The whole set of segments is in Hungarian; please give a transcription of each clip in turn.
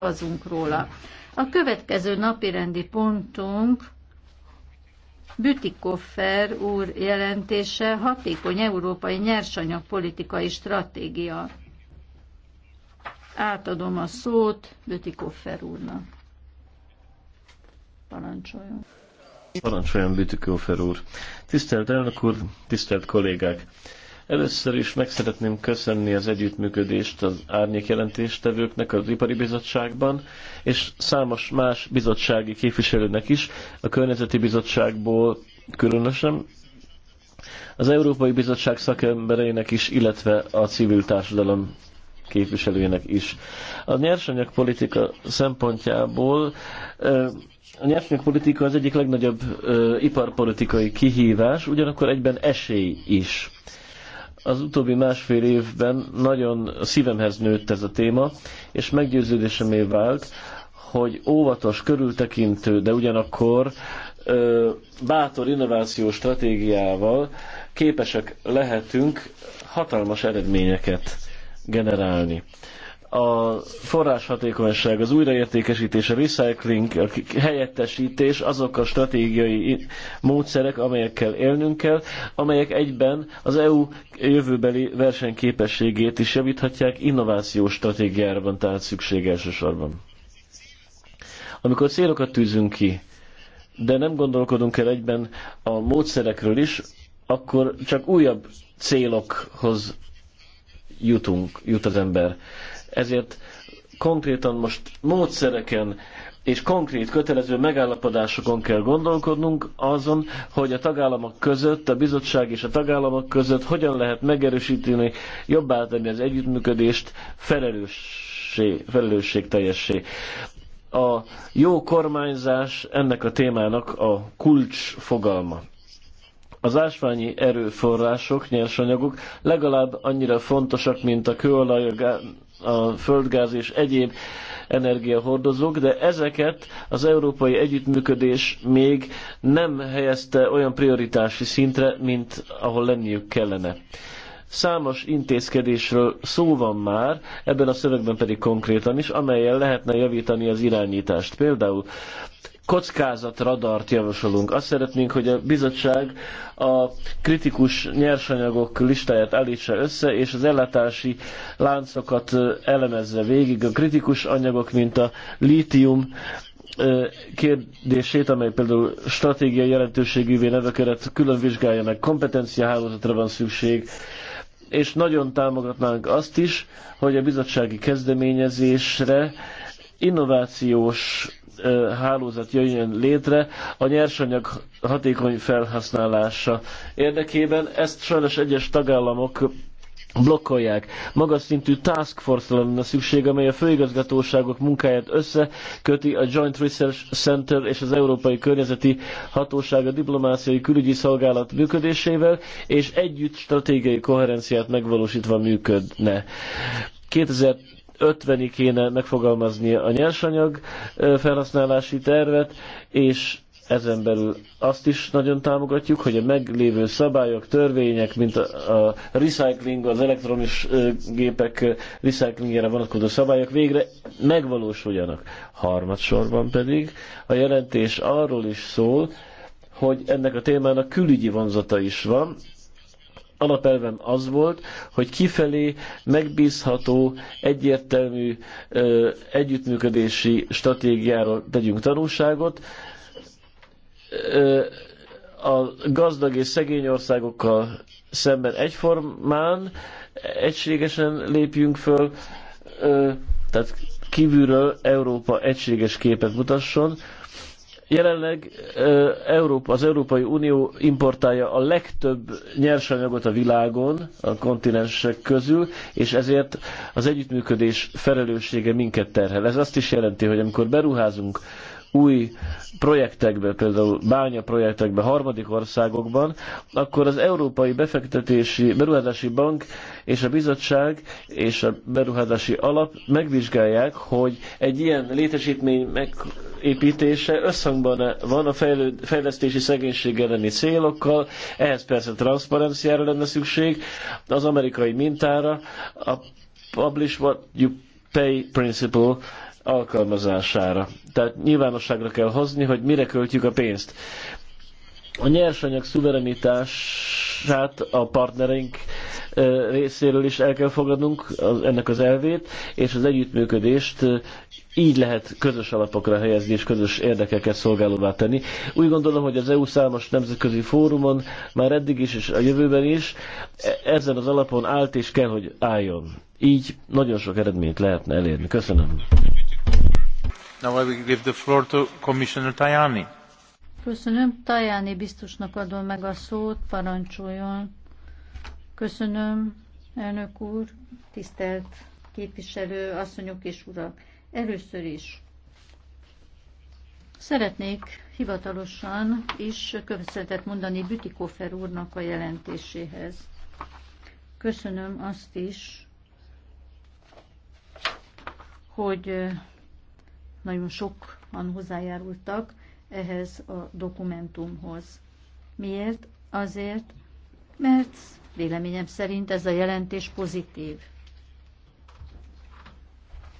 szavazunk róla. A következő napirendi pontunk Bütikoffer úr jelentése hatékony európai nyersanyagpolitikai stratégia. Átadom a szót Bütikoffer úrnak. Parancsoljon. Parancsoljon Bütikoffer úr. Tisztelt elnök úr, tisztelt kollégák! Először is meg szeretném köszönni az együttműködést az árnyék jelentéstevőknek az Ipari Bizottságban, és számos más bizottsági képviselőnek is, a Környezeti Bizottságból különösen, az Európai Bizottság szakembereinek is, illetve a civil társadalom képviselőjének is. A nyersanyagpolitika szempontjából a nyersanyagpolitika az egyik legnagyobb iparpolitikai kihívás, ugyanakkor egyben esély is az utóbbi másfél évben nagyon szívemhez nőtt ez a téma, és meggyőződésemé vált, hogy óvatos, körültekintő, de ugyanakkor ö, bátor innovációs stratégiával képesek lehetünk hatalmas eredményeket generálni a forráshatékonyság, az újraértékesítés, a recycling, a helyettesítés, azok a stratégiai módszerek, amelyekkel élnünk kell, amelyek egyben az EU jövőbeli versenyképességét is javíthatják, innovációs stratégiára van tehát szükség elsősorban. Amikor célokat tűzünk ki, de nem gondolkodunk el egyben a módszerekről is, akkor csak újabb célokhoz jutunk, jut az ember. Ezért konkrétan most módszereken és konkrét kötelező megállapodásokon kell gondolkodnunk azon, hogy a tagállamok között, a bizottság és a tagállamok között hogyan lehet megerősíteni, jobbá tenni az együttműködést felelőssé, teljessé. A jó kormányzás ennek a témának a kulcs fogalma az ásványi erőforrások, nyersanyagok legalább annyira fontosak, mint a kőolaj, a földgáz és egyéb energiahordozók, de ezeket az európai együttműködés még nem helyezte olyan prioritási szintre, mint ahol lenniük kellene. Számos intézkedésről szó van már, ebben a szövegben pedig konkrétan is, amelyen lehetne javítani az irányítást. Például kockázatradart javasolunk. Azt szeretnénk, hogy a bizottság a kritikus nyersanyagok listáját állítsa össze, és az ellátási láncokat elemezze végig. A kritikus anyagok, mint a lítium kérdését, amely például stratégiai jelentőségűvé növekedett, külön vizsgálja meg, kompetenciahálózatra van szükség, és nagyon támogatnánk azt is, hogy a bizottsági kezdeményezésre innovációs hálózat jöjjön létre a nyersanyag hatékony felhasználása érdekében. Ezt sajnos egyes tagállamok blokkolják. Magas szintű task force lenne szükség, amely a főigazgatóságok munkáját összeköti a Joint Research Center és az Európai Környezeti Hatóság a diplomáciai külügyi szolgálat működésével, és együtt stratégiai koherenciát megvalósítva működne. 2000 50-ig kéne megfogalmazni a nyersanyag felhasználási tervet, és ezen belül azt is nagyon támogatjuk, hogy a meglévő szabályok, törvények, mint a, a recycling, az elektronis gépek recyclingjére vonatkozó szabályok végre megvalósuljanak. Harmadsorban pedig a jelentés arról is szól, hogy ennek a témának külügyi vonzata is van, alapelvem az volt, hogy kifelé megbízható, egyértelmű együttműködési stratégiáról tegyünk tanulságot. A gazdag és szegény országokkal szemben egyformán, egységesen lépjünk föl, tehát kívülről Európa egységes képet mutasson, Jelenleg Európa, az Európai Unió importálja a legtöbb nyersanyagot a világon, a kontinensek közül, és ezért az együttműködés felelőssége minket terhel. Ez azt is jelenti, hogy amikor beruházunk új projektekbe, például bánya projektekbe harmadik országokban, akkor az Európai Befektetési Beruházási Bank és a bizottság és a beruházási alap megvizsgálják, hogy egy ilyen létesítmény megépítése összhangban van a fejlesztési szegénység elleni célokkal, ehhez persze transzparenciára lenne szükség, az amerikai mintára, a Publish What You Pay Principle alkalmazására. Tehát nyilvánosságra kell hozni, hogy mire költjük a pénzt. A nyersanyag szuverenitását a partnereink részéről is el kell fogadnunk, ennek az elvét, és az együttműködést így lehet közös alapokra helyezni és közös érdekeket szolgálóvá tenni. Úgy gondolom, hogy az EU számos nemzetközi fórumon már eddig is és a jövőben is e, ezen az alapon állt és kell, hogy álljon. Így nagyon sok eredményt lehetne elérni. Köszönöm. Now I will give the floor to Commissioner Tajani. Köszönöm. Tajani biztosnak adom meg a szót, parancsoljon. Köszönöm, elnök úr, tisztelt képviselő, asszonyok és urak. Először is szeretnék hivatalosan is köszönetet mondani Bütikofer úrnak a jelentéséhez. Köszönöm azt is, hogy nagyon sokan hozzájárultak ehhez a dokumentumhoz. Miért? Azért, mert véleményem szerint ez a jelentés pozitív.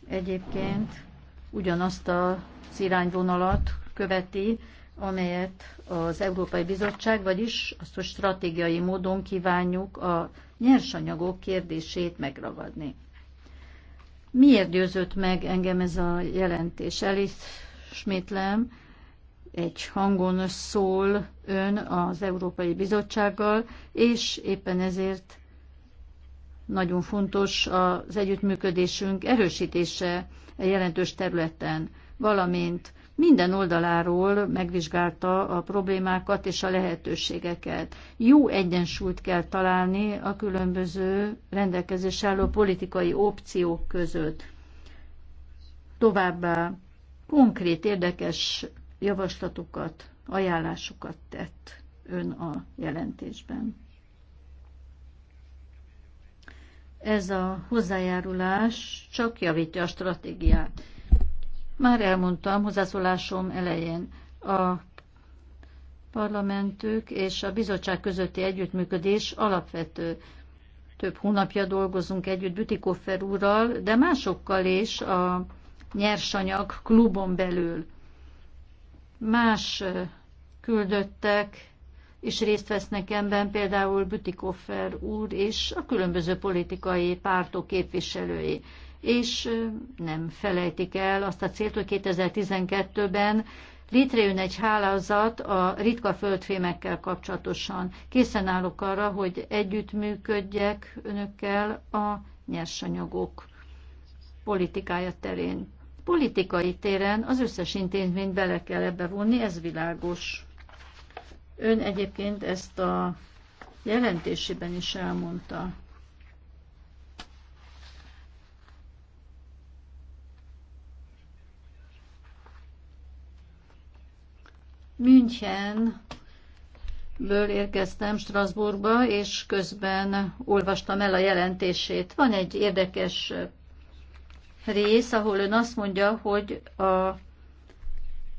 Egyébként ugyanazt a irányvonalat követi, amelyet az Európai Bizottság, vagyis azt, hogy stratégiai módon kívánjuk a nyersanyagok kérdését megragadni. Miért győzött meg engem ez a jelentés? Elismétlem, egy hangon szól ön az Európai Bizottsággal, és éppen ezért nagyon fontos az együttműködésünk erősítése jelentős területen, valamint minden oldaláról megvizsgálta a problémákat és a lehetőségeket. Jó egyensúlyt kell találni a különböző rendelkezés álló politikai opciók között. Továbbá konkrét érdekes javaslatokat, ajánlásokat tett ön a jelentésben. Ez a hozzájárulás csak javítja a stratégiát. Már elmondtam hozzászólásom elején, a parlamentük és a bizottság közötti együttműködés alapvető. Több hónapja dolgozunk együtt Bütikoffer úrral, de másokkal is a nyersanyag klubon belül. Más küldöttek és részt vesznek ebben, például Bütikoffer úr és a különböző politikai pártok képviselői és nem felejtik el azt a célt, hogy 2012-ben létrejön egy hálózat a ritka földfémekkel kapcsolatosan. Készen állok arra, hogy együttműködjek önökkel a nyersanyagok politikája terén. Politikai téren az összes intézményt bele kell ebbe vonni, ez világos. Ön egyébként ezt a jelentésében is elmondta. Münchenből érkeztem Strasbourgba, és közben olvastam el a jelentését. Van egy érdekes rész, ahol ön azt mondja, hogy a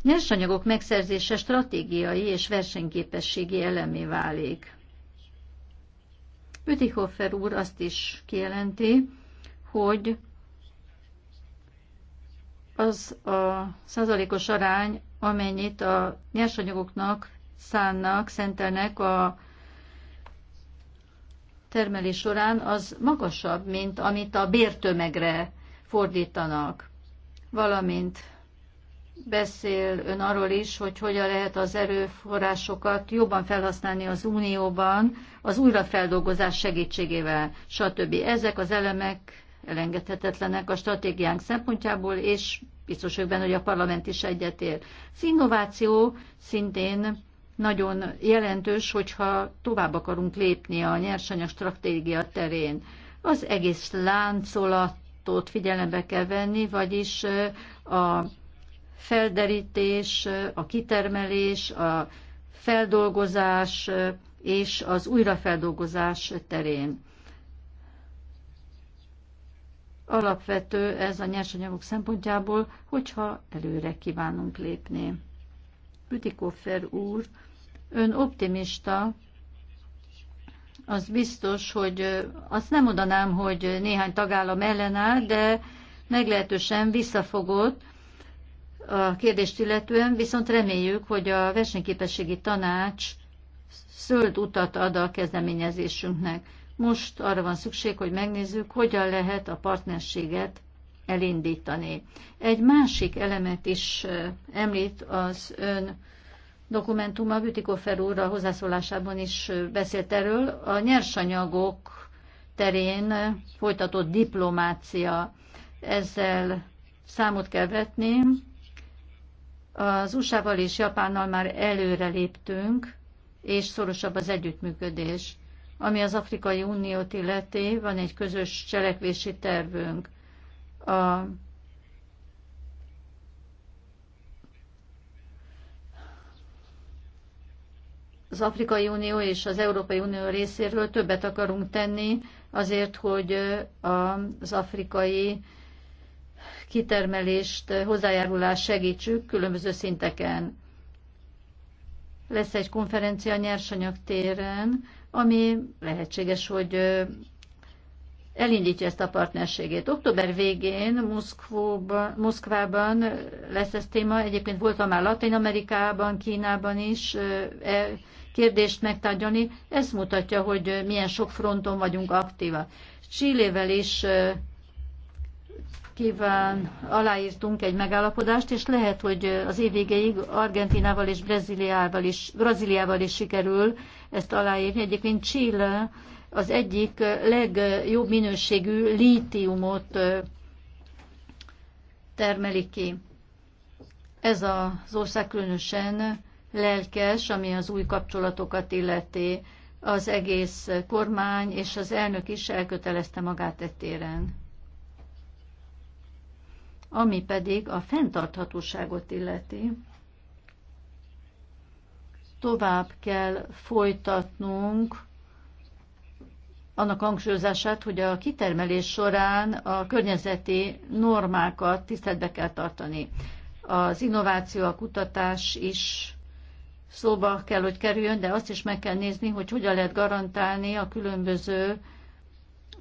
nyersanyagok megszerzése stratégiai és versenyképességi elemé válik. Bütikhofer úr azt is kijelenti, hogy az a százalékos arány, amennyit a nyersanyagoknak szánnak, szentelnek a termelés során, az magasabb, mint amit a bértömegre fordítanak. Valamint beszél ön arról is, hogy hogyan lehet az erőforrásokat jobban felhasználni az Unióban, az újrafeldolgozás segítségével, stb. Ezek az elemek elengedhetetlenek a stratégiánk szempontjából, és biztos vagyok benne, hogy a parlament is egyetért. Az innováció szintén nagyon jelentős, hogyha tovább akarunk lépni a nyersanyag stratégia terén. Az egész láncolatot figyelembe kell venni, vagyis a felderítés, a kitermelés, a feldolgozás és az újrafeldolgozás terén. Alapvető ez a nyersanyagok szempontjából, hogyha előre kívánunk lépni. Bütikofer úr, ön optimista, az biztos, hogy azt nem mondanám, hogy néhány tagállam ellenáll, de meglehetősen visszafogott a kérdést illetően, viszont reméljük, hogy a versenyképességi tanács szöld utat ad a kezdeményezésünknek. Most arra van szükség, hogy megnézzük, hogyan lehet a partnerséget elindítani. Egy másik elemet is említ az ön dokumentuma, Bütikofer úr a hozzászólásában is beszélt erről, a nyersanyagok terén folytatott diplomácia. Ezzel számot kell vetni. Az USA-val és Japánnal már előre léptünk, és szorosabb az együttműködés. Ami az Afrikai Uniót illeti, van egy közös cselekvési tervünk. A az Afrikai Unió és az Európai Unió részéről többet akarunk tenni azért, hogy az afrikai kitermelést, hozzájárulást segítsük különböző szinteken. Lesz egy konferencia nyersanyag téren, ami lehetséges, hogy elindítja ezt a partnerségét. Október végén Moszkvóban, Moszkvában lesz ez téma, egyébként voltam már Latin Amerikában, Kínában is e kérdést megtárgyalni. Ez mutatja, hogy milyen sok fronton vagyunk aktíva. Csillével is kíván, aláírtunk egy megállapodást, és lehet, hogy az év végéig Argentinával és Brazíliával is, Brazíliával is sikerül ezt aláírni. Egyébként Chile az egyik legjobb minőségű lítiumot termelik ki. Ez az ország különösen lelkes, ami az új kapcsolatokat illeti. Az egész kormány és az elnök is elkötelezte magát ettéren. Ami pedig a fenntarthatóságot illeti, tovább kell folytatnunk annak hangsúlyozását, hogy a kitermelés során a környezeti normákat tiszteletbe kell tartani. Az innováció, a kutatás is szóba kell, hogy kerüljön, de azt is meg kell nézni, hogy hogyan lehet garantálni a különböző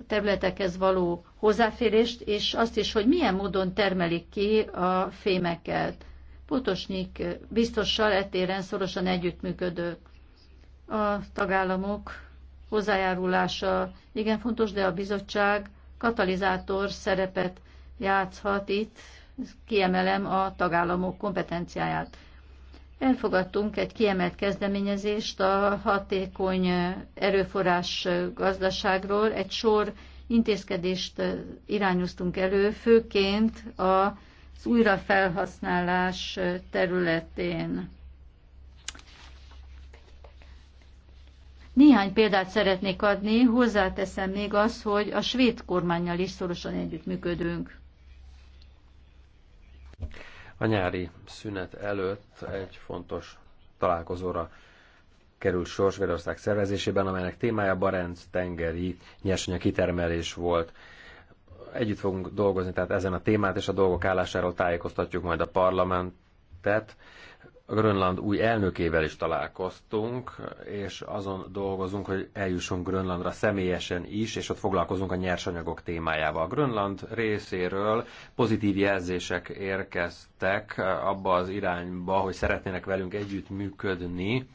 területekhez való hozzáférést, és azt is, hogy milyen módon termelik ki a fémeket. Potosnyik biztossal etéren szorosan együttműködő A tagállamok hozzájárulása igen fontos, de a bizottság katalizátor szerepet játszhat itt, kiemelem a tagállamok kompetenciáját. Elfogadtunk egy kiemelt kezdeményezést a hatékony erőforrás gazdaságról. Egy sor intézkedést irányoztunk elő, főként az újrafelhasználás területén. Néhány példát szeretnék adni, hozzáteszem még az, hogy a svéd kormányjal is szorosan együttműködünk. A nyári szünet előtt egy fontos találkozóra kerül sor Svédország szervezésében, amelynek témája Barenc tengeri nyersanyag kitermelés volt. Együtt fogunk dolgozni tehát ezen a témát, és a dolgok állásáról tájékoztatjuk majd a parlamentet. Grönland új elnökével is találkoztunk, és azon dolgozunk, hogy eljussunk Grönlandra személyesen is, és ott foglalkozunk a nyersanyagok témájával. A Grönland részéről pozitív jelzések érkeztek abba az irányba, hogy szeretnének velünk együttműködni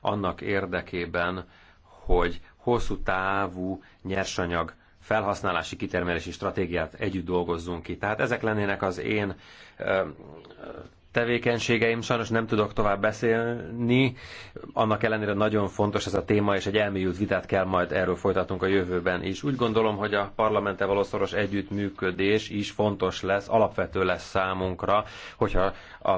annak érdekében, hogy hosszú távú nyersanyag felhasználási kitermelési stratégiát együtt dolgozzunk ki. Tehát ezek lennének az én tevékenységeim, sajnos nem tudok tovább beszélni, annak ellenére nagyon fontos ez a téma, és egy elmélyült vitát kell majd erről folytatnunk a jövőben is. Úgy gondolom, hogy a parlamente való szoros együttműködés is fontos lesz, alapvető lesz számunkra, hogyha a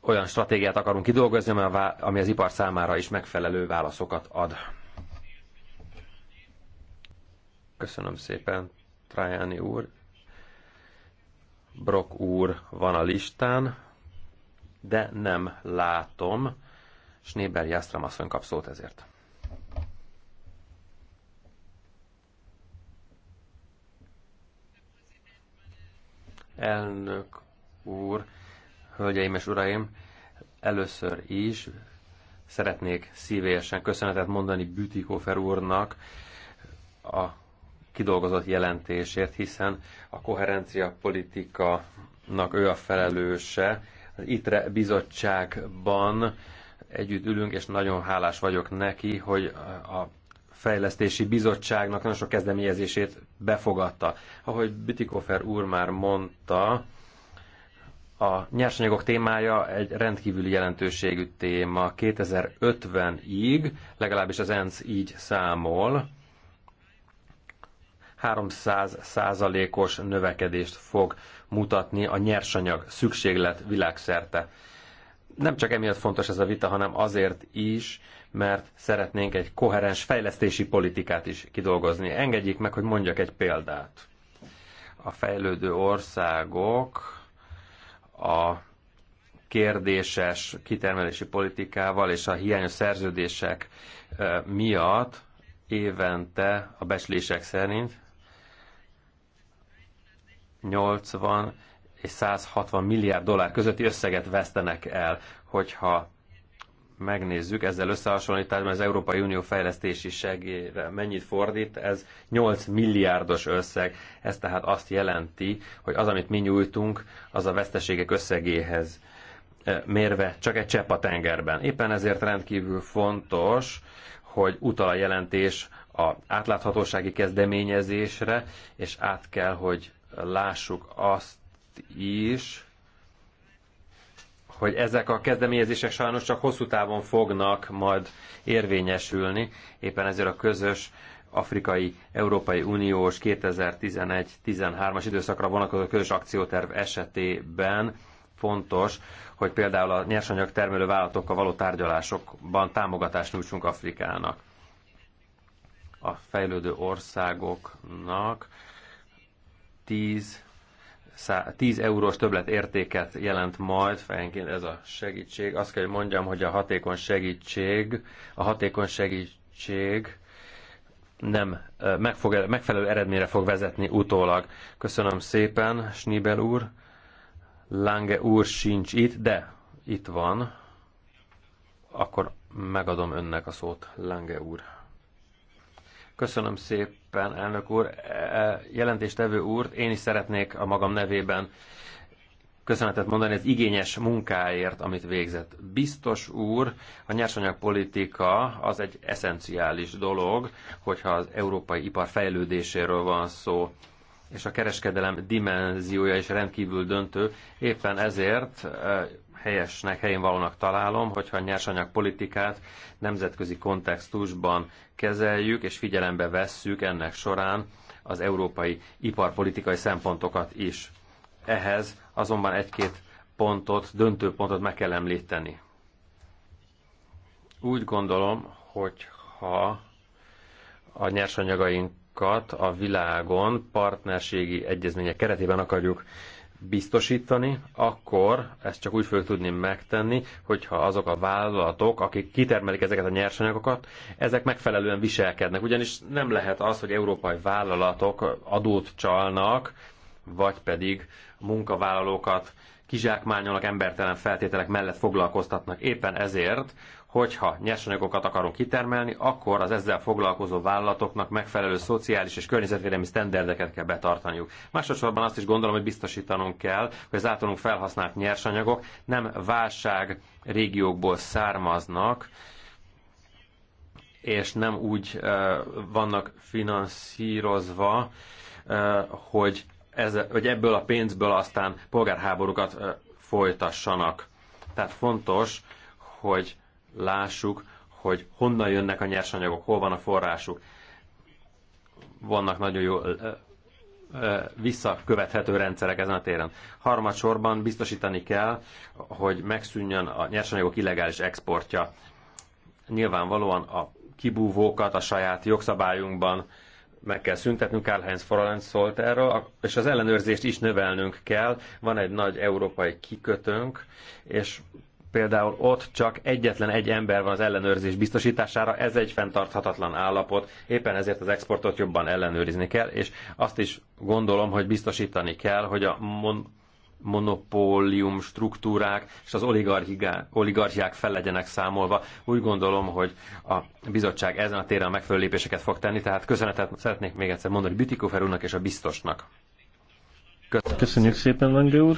olyan stratégiát akarunk kidolgozni, ami az ipar számára is megfelelő válaszokat ad. Köszönöm szépen, Trajani úr. Brock úr van a listán de nem látom. Schneeber Jastram asszony kap szót ezért. Elnök úr, hölgyeim és uraim, először is szeretnék szívélyesen köszönetet mondani Bütikofer úrnak a kidolgozott jelentésért, hiszen a koherencia politikanak ő a felelőse, ITRE bizottságban együtt ülünk, és nagyon hálás vagyok neki, hogy a fejlesztési bizottságnak nagyon sok kezdeményezését befogadta. Ahogy Bütikofer úr már mondta, a nyersanyagok témája egy rendkívüli jelentőségű téma. 2050-ig, legalábbis az ENSZ így számol, 300 százalékos növekedést fog mutatni a nyersanyag szükséglet világszerte. Nem csak emiatt fontos ez a vita, hanem azért is, mert szeretnénk egy koherens fejlesztési politikát is kidolgozni. Engedjék meg, hogy mondjak egy példát. A fejlődő országok a kérdéses kitermelési politikával és a hiányos szerződések miatt évente a beslések szerint 80 és 160 milliárd dollár közötti összeget vesztenek el, hogyha megnézzük, ezzel összehasonlításban az Európai Unió fejlesztési segélyre mennyit fordít, ez 8 milliárdos összeg. Ez tehát azt jelenti, hogy az, amit mi nyújtunk, az a veszteségek összegéhez e, mérve csak egy csepp a tengerben. Éppen ezért rendkívül fontos, hogy utal a jelentés a átláthatósági kezdeményezésre, és át kell, hogy lássuk azt is, hogy ezek a kezdeményezések sajnos csak hosszú távon fognak majd érvényesülni, éppen ezért a közös Afrikai Európai Uniós 2011-13-as időszakra vonatkozó közös akcióterv esetében fontos, hogy például a nyersanyag termelő vállalatokkal való tárgyalásokban támogatást nyújtsunk Afrikának. A fejlődő országoknak 10, 10 eurós többlet értéket jelent majd fejenként ez a segítség. Azt kell, hogy mondjam, hogy a hatékony segítség, a hatékony segítség nem meg fog, megfelelő eredményre fog vezetni utólag. Köszönöm szépen, Schnibel úr. Lange úr sincs itt, de itt van. Akkor megadom önnek a szót, Lange úr. Köszönöm szépen szépen, elnök úr, e, e, jelentéstevő úr, én is szeretnék a magam nevében köszönetet mondani az igényes munkáért, amit végzett. Biztos úr, a nyersanyagpolitika az egy eszenciális dolog, hogyha az európai ipar fejlődéséről van szó és a kereskedelem dimenziója is rendkívül döntő. Éppen ezért e, helyesnek, helyén valónak találom, hogyha a nyersanyagpolitikát nemzetközi kontextusban kezeljük és figyelembe vesszük ennek során az európai iparpolitikai szempontokat is. Ehhez azonban egy-két pontot, döntő pontot meg kell említeni. Úgy gondolom, hogy ha a nyersanyagainkat a világon partnerségi egyezmények keretében akarjuk biztosítani, akkor ezt csak úgy fogjuk tudni megtenni, hogyha azok a vállalatok, akik kitermelik ezeket a nyersanyagokat, ezek megfelelően viselkednek. Ugyanis nem lehet az, hogy európai vállalatok adót csalnak, vagy pedig munkavállalókat kizsákmányolnak, embertelen feltételek mellett foglalkoztatnak. Éppen ezért hogyha nyersanyagokat akarunk kitermelni, akkor az ezzel foglalkozó vállalatoknak megfelelő szociális és környezetvédelmi sztenderdeket kell betartaniuk. Másodszorban azt is gondolom, hogy biztosítanunk kell, hogy az általunk felhasznált nyersanyagok nem válság régiókból származnak, és nem úgy vannak finanszírozva, hogy, ez, hogy ebből a pénzből aztán polgárháborúkat folytassanak. Tehát fontos, hogy lássuk, hogy honnan jönnek a nyersanyagok, hol van a forrásuk. Vannak nagyon jó visszakövethető rendszerek ezen a téren. Harmadsorban biztosítani kell, hogy megszűnjön a nyersanyagok illegális exportja. Nyilvánvalóan a kibúvókat a saját jogszabályunkban meg kell szüntetnünk, Karl-Heinz Forlanz szólt erről, és az ellenőrzést is növelnünk kell. Van egy nagy európai kikötőnk, és például ott csak egyetlen egy ember van az ellenőrzés biztosítására, ez egy fenntarthatatlan állapot, éppen ezért az exportot jobban ellenőrizni kell, és azt is gondolom, hogy biztosítani kell, hogy a mon- monopólium struktúrák és az oligarchiák fel legyenek számolva. Úgy gondolom, hogy a bizottság ezen a téren a megfelelő lépéseket fog tenni, tehát köszönetet szeretnék még egyszer mondani Bütikofer úrnak és a biztosnak. Köszönöm. Köszönjük szépen, Lange úr!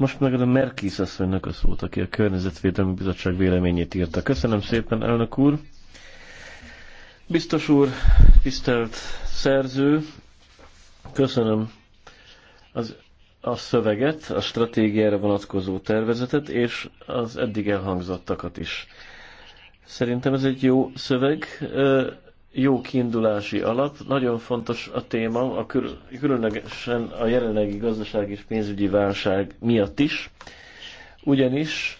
Most meg a Merkis asszonynak a szót, aki a Környezetvédelmi Bizottság véleményét írta. Köszönöm szépen, elnök úr! Biztos úr, tisztelt szerző, köszönöm az, a szöveget, a stratégiára vonatkozó tervezetet, és az eddig elhangzottakat is. Szerintem ez egy jó szöveg jó kiindulási alap. Nagyon fontos a téma, a kül, különlegesen a jelenlegi gazdaság és pénzügyi válság miatt is, ugyanis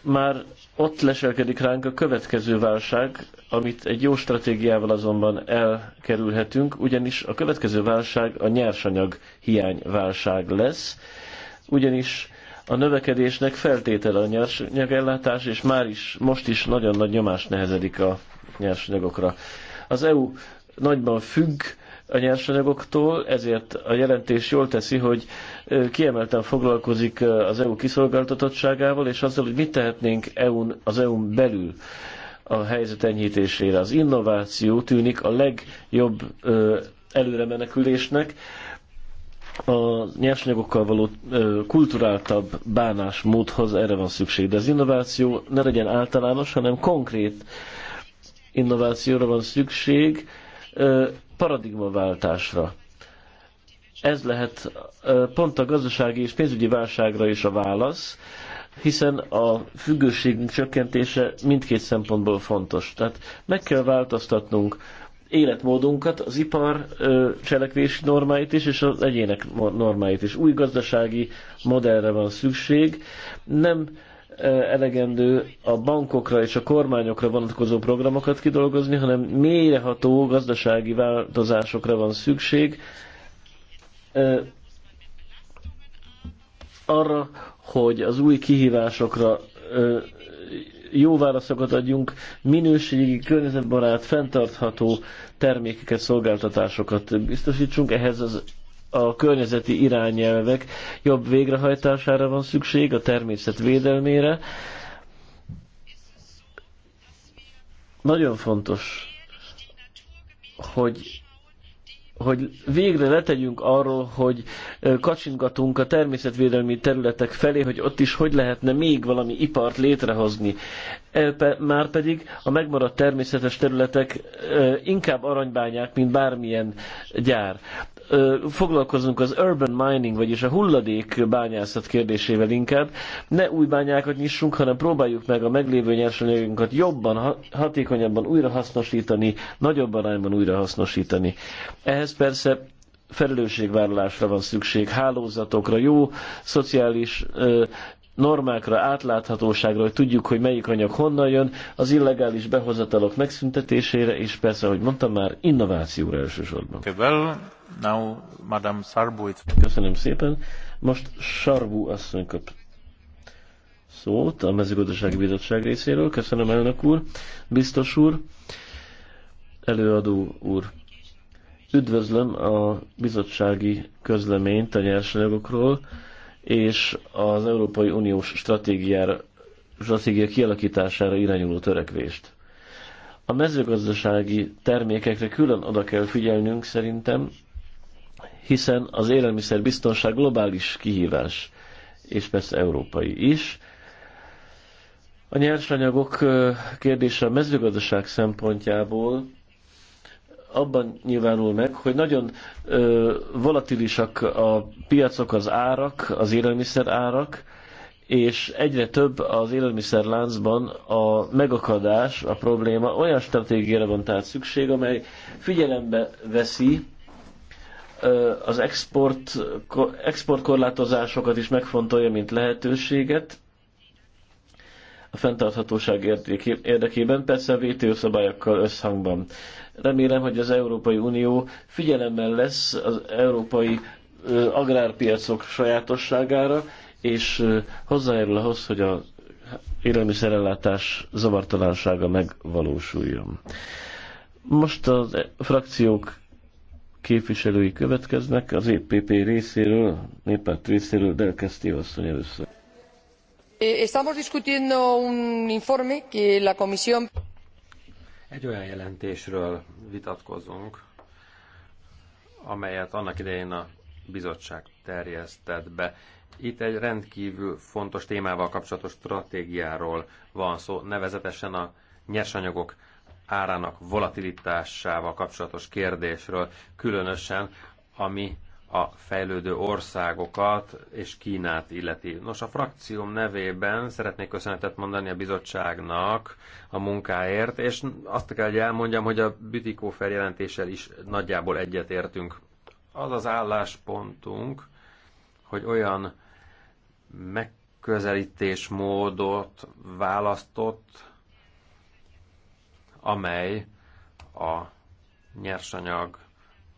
már ott leselkedik ránk a következő válság, amit egy jó stratégiával azonban elkerülhetünk, ugyanis a következő válság a nyersanyag hiány válság lesz, ugyanis a növekedésnek feltétele a nyersanyagellátás, és már is, most is nagyon nagy nyomás nehezedik a nyersanyagokra. Az EU nagyban függ a nyersanyagoktól, ezért a jelentés jól teszi, hogy kiemelten foglalkozik az EU kiszolgáltatottságával, és azzal, hogy mit tehetnénk EU-n, az EU-n belül a helyzet enyhítésére. Az innováció tűnik a legjobb előre menekülésnek, a nyersanyagokkal való kulturáltabb bánásmódhoz erre van szükség. De az innováció ne legyen általános, hanem konkrét innovációra van szükség, paradigmaváltásra. Ez lehet pont a gazdasági és pénzügyi válságra is a válasz, hiszen a függőségünk csökkentése mindkét szempontból fontos. Tehát meg kell változtatnunk életmódunkat, az ipar cselekvési normáit is, és az egyének normáit is. Új gazdasági modellre van szükség. Nem elegendő a bankokra és a kormányokra vonatkozó programokat kidolgozni, hanem mélyreható gazdasági változásokra van szükség. Arra, hogy az új kihívásokra jó válaszokat adjunk, minőségi, környezetbarát, fenntartható termékeket, szolgáltatásokat biztosítsunk, ehhez az a környezeti irányelvek jobb végrehajtására van szükség, a természet védelmére. Nagyon fontos, hogy hogy végre letegyünk arról, hogy kacsingatunk a természetvédelmi területek felé, hogy ott is hogy lehetne még valami ipart létrehozni. Már pedig a megmaradt természetes területek inkább aranybányák, mint bármilyen gyár foglalkozunk az urban mining, vagyis a hulladék bányászat kérdésével inkább. Ne új bányákat nyissunk, hanem próbáljuk meg a meglévő nyersanyagunkat jobban, hatékonyabban újrahasznosítani, nagyobb arányban újrahasznosítani. Ehhez persze felelősségvállalásra van szükség, hálózatokra, jó szociális ö, normákra, átláthatóságra, hogy tudjuk, hogy melyik anyag honnan jön, az illegális behozatalok megszüntetésére, és persze, ahogy mondtam már, innovációra elsősorban. Okay, well, now, Sarbuit. Köszönöm szépen. Most Sarbu asszony kap szót a mezőgazdasági bizottság részéről. Köszönöm, elnök úr, biztos úr, előadó úr. Üdvözlöm a bizottsági közleményt a nyersanyagokról és az Európai Uniós stratégiára, stratégia kialakítására irányuló törekvést. A mezőgazdasági termékekre külön oda kell figyelnünk szerintem, hiszen az élelmiszerbiztonság globális kihívás, és persze európai is. A nyersanyagok kérdése a mezőgazdaság szempontjából abban nyilvánul meg, hogy nagyon ö, volatilisak a piacok, az árak, az élelmiszer árak, és egyre több az élelmiszerláncban a megakadás, a probléma. Olyan stratégiára van tehát szükség, amely figyelembe veszi az export, exportkorlátozásokat is megfontolja, mint lehetőséget, a fenntarthatóság érdekében, persze a WTO szabályokkal összhangban. Remélem, hogy az Európai Unió figyelemmel lesz az európai agrárpiacok sajátosságára, és hozzájárul ahhoz, hogy az élelmiszerellátás zavartalansága megvalósuljon. Most a e- frakciók képviselői következnek, az EPP részéről, néppárt részéről, de elkezdti asszony először. Eh, estamos discutiendo un informe que la Comisión egy olyan jelentésről vitatkozunk, amelyet annak idején a bizottság terjesztett be. Itt egy rendkívül fontos témával kapcsolatos stratégiáról van szó, nevezetesen a nyersanyagok árának volatilitásával kapcsolatos kérdésről, különösen ami a fejlődő országokat és Kínát illeti. Nos, a frakcióm nevében szeretnék köszönetet mondani a bizottságnak a munkáért, és azt kell, hogy elmondjam, hogy a Bütikó feljelentéssel is nagyjából egyetértünk. Az az álláspontunk, hogy olyan megközelítésmódot választott, amely a nyersanyag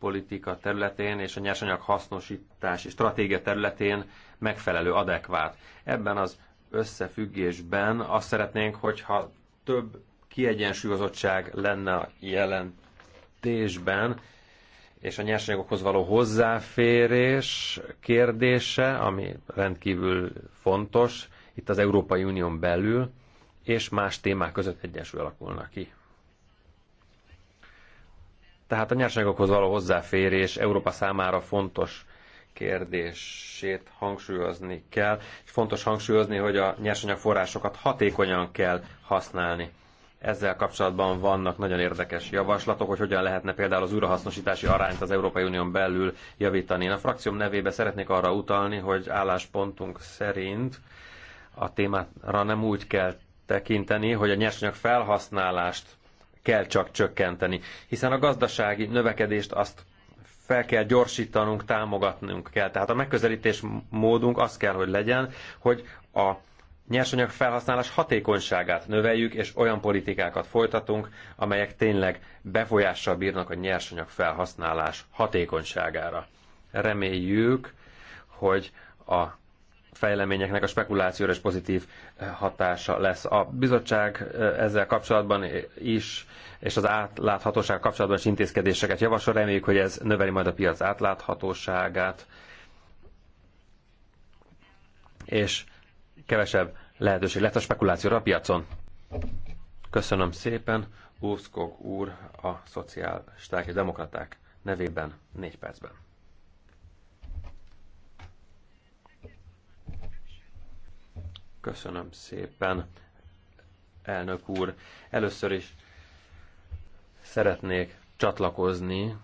politika területén és a nyersanyag hasznosítási stratégia területén megfelelő, adekvát. Ebben az összefüggésben azt szeretnénk, hogyha több kiegyensúlyozottság lenne a jelentésben, és a nyersanyagokhoz való hozzáférés kérdése, ami rendkívül fontos, itt az Európai Unión belül, és más témák között egyensúly alakulna ki. Tehát a nyersanyagokhoz való hozzáférés Európa számára fontos kérdését hangsúlyozni kell, és fontos hangsúlyozni, hogy a nyersanyagforrásokat hatékonyan kell használni. Ezzel kapcsolatban vannak nagyon érdekes javaslatok, hogy hogyan lehetne például az újrahasznosítási arányt az Európai Unión belül javítani. Én a frakcióm nevébe szeretnék arra utalni, hogy álláspontunk szerint a témára nem úgy kell tekinteni, hogy a nyersanyag felhasználást kell csak csökkenteni, hiszen a gazdasági növekedést azt fel kell gyorsítanunk, támogatnunk kell. Tehát a megközelítés módunk az kell, hogy legyen, hogy a nyersanyag felhasználás hatékonyságát növeljük, és olyan politikákat folytatunk, amelyek tényleg befolyással bírnak a nyersanyag felhasználás hatékonyságára. Reméljük, hogy a fejleményeknek a spekulációra is pozitív eh, hatása lesz. A bizottság eh, ezzel kapcsolatban is, és az átláthatóság kapcsolatban is intézkedéseket javasol. Reméljük, hogy ez növeli majd a piac átláthatóságát, és kevesebb lehetőség lehet a spekulációra a piacon. Köszönöm szépen, Úszkog úr, a szociálisták és demokraták nevében négy percben. Köszönöm szépen, elnök úr. Először is szeretnék csatlakozni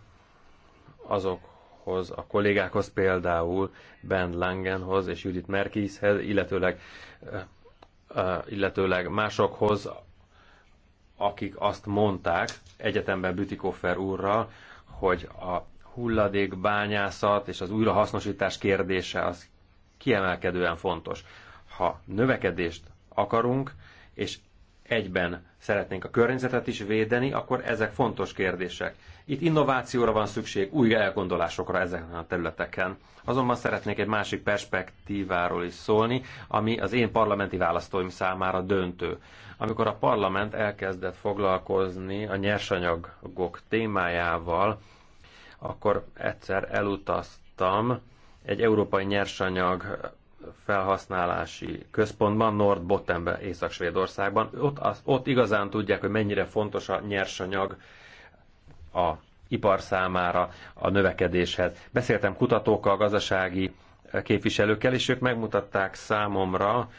azokhoz a kollégákhoz, például Ben Langenhoz és Judith Merkishez, illetőleg, illetőleg másokhoz, akik azt mondták egyetemben Bütikoffer úrral, hogy a hulladékbányászat és az újrahasznosítás kérdése az kiemelkedően fontos ha növekedést akarunk, és egyben szeretnénk a környezetet is védeni, akkor ezek fontos kérdések. Itt innovációra van szükség, új elgondolásokra ezeken a területeken. Azonban szeretnék egy másik perspektíváról is szólni, ami az én parlamenti választóim számára döntő. Amikor a parlament elkezdett foglalkozni a nyersanyagok témájával, akkor egyszer elutaztam egy európai nyersanyag felhasználási központban, Nordbottenben, Észak-Svédországban. Ott, az, ott igazán tudják, hogy mennyire fontos a nyersanyag a ipar számára, a növekedéshez. Beszéltem kutatókkal, gazdasági képviselőkkel, és ők megmutatták számomra,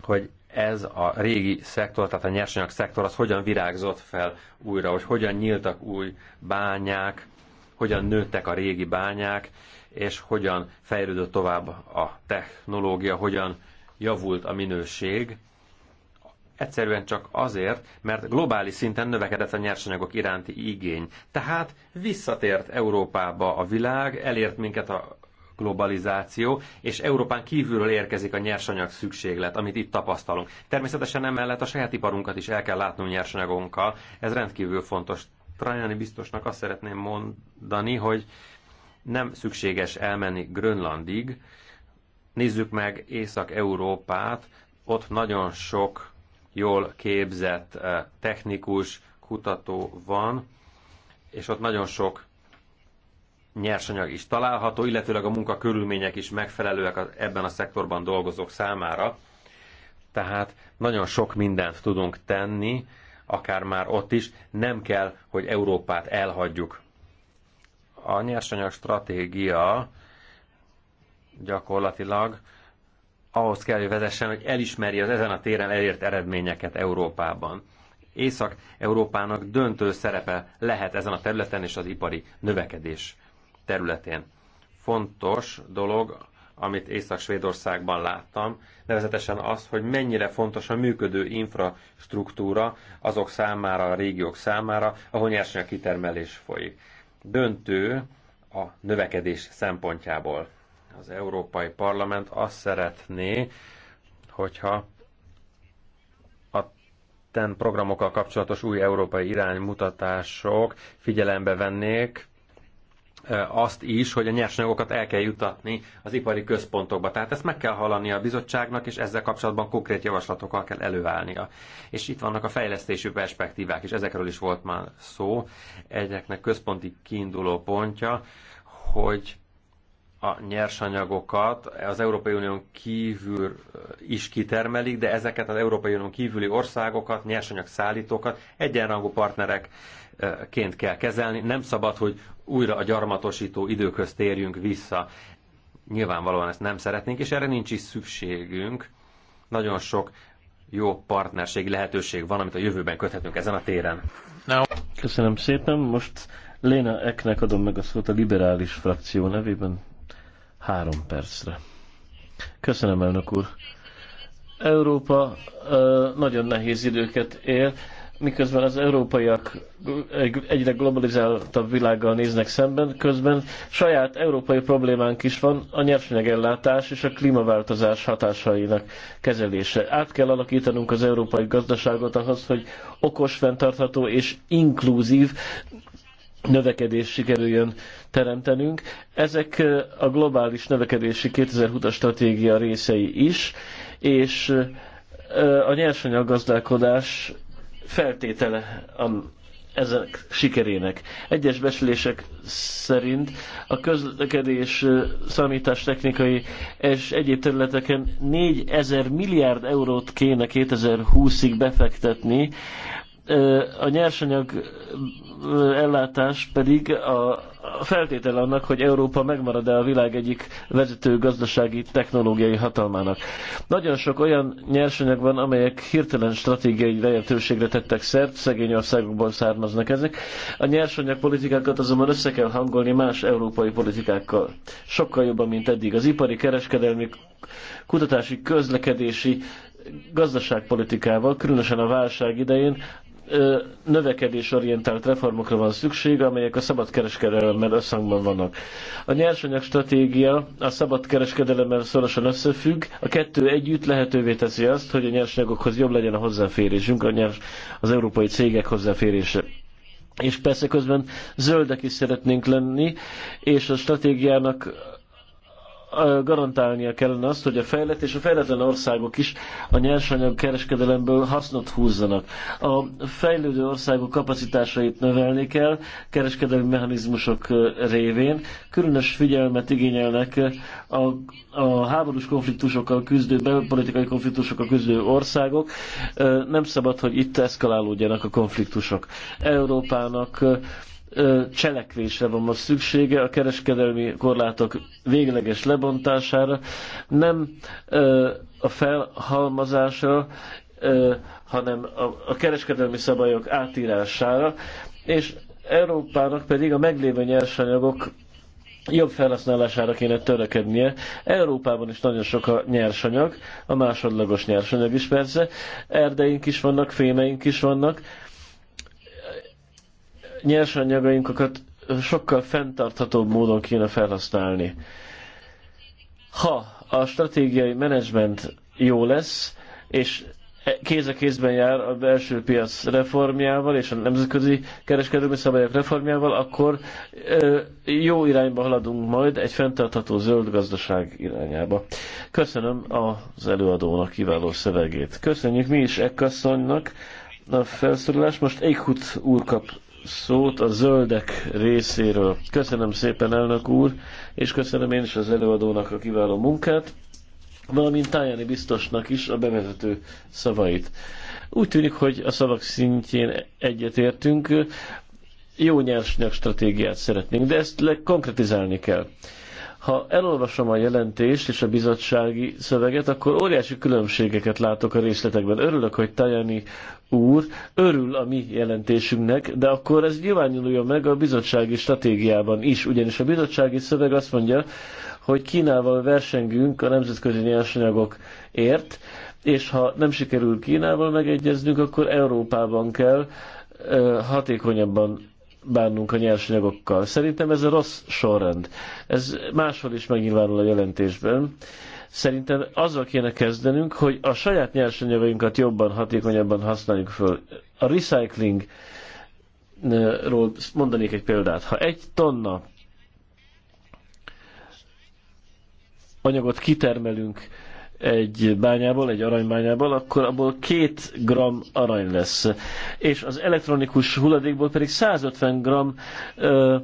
hogy ez a régi szektor, tehát a nyersanyag szektor, az hogyan virágzott fel újra, hogy hogyan nyíltak új bányák, hogyan nőttek a régi bányák, és hogyan fejlődött tovább a technológia, hogyan javult a minőség, egyszerűen csak azért, mert globális szinten növekedett a nyersanyagok iránti igény. Tehát visszatért Európába a világ, elért minket a globalizáció, és Európán kívülről érkezik a nyersanyag szükséglet, amit itt tapasztalunk. Természetesen emellett a saját iparunkat is el kell látnunk nyersanyagunkkal, ez rendkívül fontos. Trajani biztosnak azt szeretném mondani, hogy nem szükséges elmenni Grönlandig. Nézzük meg Észak-Európát, ott nagyon sok jól képzett eh, technikus, kutató van, és ott nagyon sok nyersanyag is található, illetőleg a munkakörülmények is megfelelőek az ebben a szektorban dolgozók számára. Tehát nagyon sok mindent tudunk tenni, akár már ott is, nem kell, hogy Európát elhagyjuk. A nyersanyag stratégia gyakorlatilag ahhoz kell, hogy vezessen, hogy elismeri az ezen a téren elért eredményeket Európában. Észak-Európának döntő szerepe lehet ezen a területen és az ipari növekedés területén. Fontos dolog, amit Észak-Svédországban láttam, nevezetesen az, hogy mennyire fontos a működő infrastruktúra azok számára, a régiók számára, ahol nyersanyag kitermelés folyik döntő a növekedés szempontjából. Az Európai Parlament azt szeretné, hogyha a TEN programokkal kapcsolatos új európai iránymutatások figyelembe vennék azt is, hogy a nyersanyagokat el kell jutatni az ipari központokba. Tehát ezt meg kell hallani a bizottságnak, és ezzel kapcsolatban konkrét javaslatokkal kell előállnia. És itt vannak a fejlesztési perspektívák, és ezekről is volt már szó. Egyeknek központi kiinduló pontja, hogy a nyersanyagokat az Európai Unión kívül is kitermelik, de ezeket az Európai Unión kívüli országokat, nyersanyagszállítókat egyenrangú partnerek ként kell kezelni. Nem szabad, hogy újra a gyarmatosító időköz térjünk vissza. Nyilvánvalóan ezt nem szeretnénk, és erre nincs is szükségünk. Nagyon sok jó partnerségi lehetőség van, amit a jövőben köthetünk ezen a téren. Köszönöm szépen. Most Léna Eknek adom meg a szót a liberális frakció nevében három percre. Köszönöm, elnök úr. Európa nagyon nehéz időket él miközben az európaiak egyre globalizáltabb világgal néznek szemben, közben saját európai problémánk is van, a nyersanyagellátás és a klímaváltozás hatásainak kezelése. Át kell alakítanunk az európai gazdaságot ahhoz, hogy okos, fenntartható és inkluzív növekedés sikerüljön teremtenünk. Ezek a globális növekedési 2020-as stratégia részei is, és a nyersanyaggazdálkodás gazdálkodás feltétele a, ezek sikerének. Egyes beszélések szerint a közlekedés, technikai és egyéb területeken 4000 milliárd eurót kéne 2020-ig befektetni a nyersanyag ellátás pedig a feltétel annak, hogy Európa megmarad-e a világ egyik vezető gazdasági technológiai hatalmának. Nagyon sok olyan nyersanyag van, amelyek hirtelen stratégiai lehetőségre tettek szert, szegény országokból származnak ezek. A nyersanyag politikákat azonban össze kell hangolni más európai politikákkal. Sokkal jobban, mint eddig. Az ipari, kereskedelmi, kutatási, közlekedési gazdaságpolitikával, különösen a válság idején növekedésorientált reformokra van szükség, amelyek a szabadkereskedelemmel összhangban vannak. A nyersanyag stratégia a kereskedelemmel szorosan összefügg, a kettő együtt lehetővé teszi azt, hogy a nyersanyagokhoz jobb legyen a hozzáférésünk, a nyers, az európai cégek hozzáférése. És persze közben zöldek is szeretnénk lenni, és a stratégiának garantálnia kellene azt, hogy a fejlett és a fejletlen országok is a nyersanyag kereskedelemből hasznot húzzanak. A fejlődő országok kapacitásait növelni kell kereskedelmi mechanizmusok révén. Különös figyelmet igényelnek a, a háborús konfliktusokkal küzdő, belpolitikai konfliktusokkal küzdő országok. Nem szabad, hogy itt eszkalálódjanak a konfliktusok. Európának cselekvésre van most szüksége, a kereskedelmi korlátok végleges lebontására, nem a felhalmazásra, hanem a kereskedelmi szabályok átírására, és Európának pedig a meglévő nyersanyagok jobb felhasználására kéne törekednie. Európában is nagyon sok a nyersanyag, a másodlagos nyersanyag is persze. Erdeink is vannak, fémeink is vannak, nyersanyagainkat sokkal fenntarthatóbb módon kéne felhasználni. Ha a stratégiai menedzsment jó lesz, és kéz a kézben jár a belső piac reformjával és a nemzetközi kereskedelmi szabályok reformjával, akkor jó irányba haladunk majd egy fenntartható zöld gazdaság irányába. Köszönöm az előadónak kiváló szövegét. Köszönjük mi is Ekkasszonynak a felszólalást. Most Eichhut úr kap szót a zöldek részéről. Köszönöm szépen, elnök úr, és köszönöm én is az előadónak a kiváló munkát, valamint tájani biztosnak is a bevezető szavait. Úgy tűnik, hogy a szavak szintjén egyetértünk, jó nyersanyag stratégiát szeretnénk, de ezt konkretizálni kell. Ha elolvasom a jelentést és a bizottsági szöveget, akkor óriási különbségeket látok a részletekben. Örülök, hogy Tajani úr örül a mi jelentésünknek, de akkor ez nyilvánuljon meg a bizottsági stratégiában is, ugyanis a bizottsági szöveg azt mondja, hogy Kínával versengünk a nemzetközi nyersanyagokért, és ha nem sikerül Kínával megegyeznünk, akkor Európában kell hatékonyabban bánnunk a nyersanyagokkal. Szerintem ez a rossz sorrend. Ez máshol is megnyilvánul a jelentésben. Szerintem azzal kéne kezdenünk, hogy a saját nyersanyagainkat jobban, hatékonyabban használjuk föl. A recyclingról mondanék egy példát. Ha egy tonna anyagot kitermelünk egy bányából, egy aranybányából, akkor abból két gram arany lesz. És az elektronikus hulladékból pedig 150 gram ö,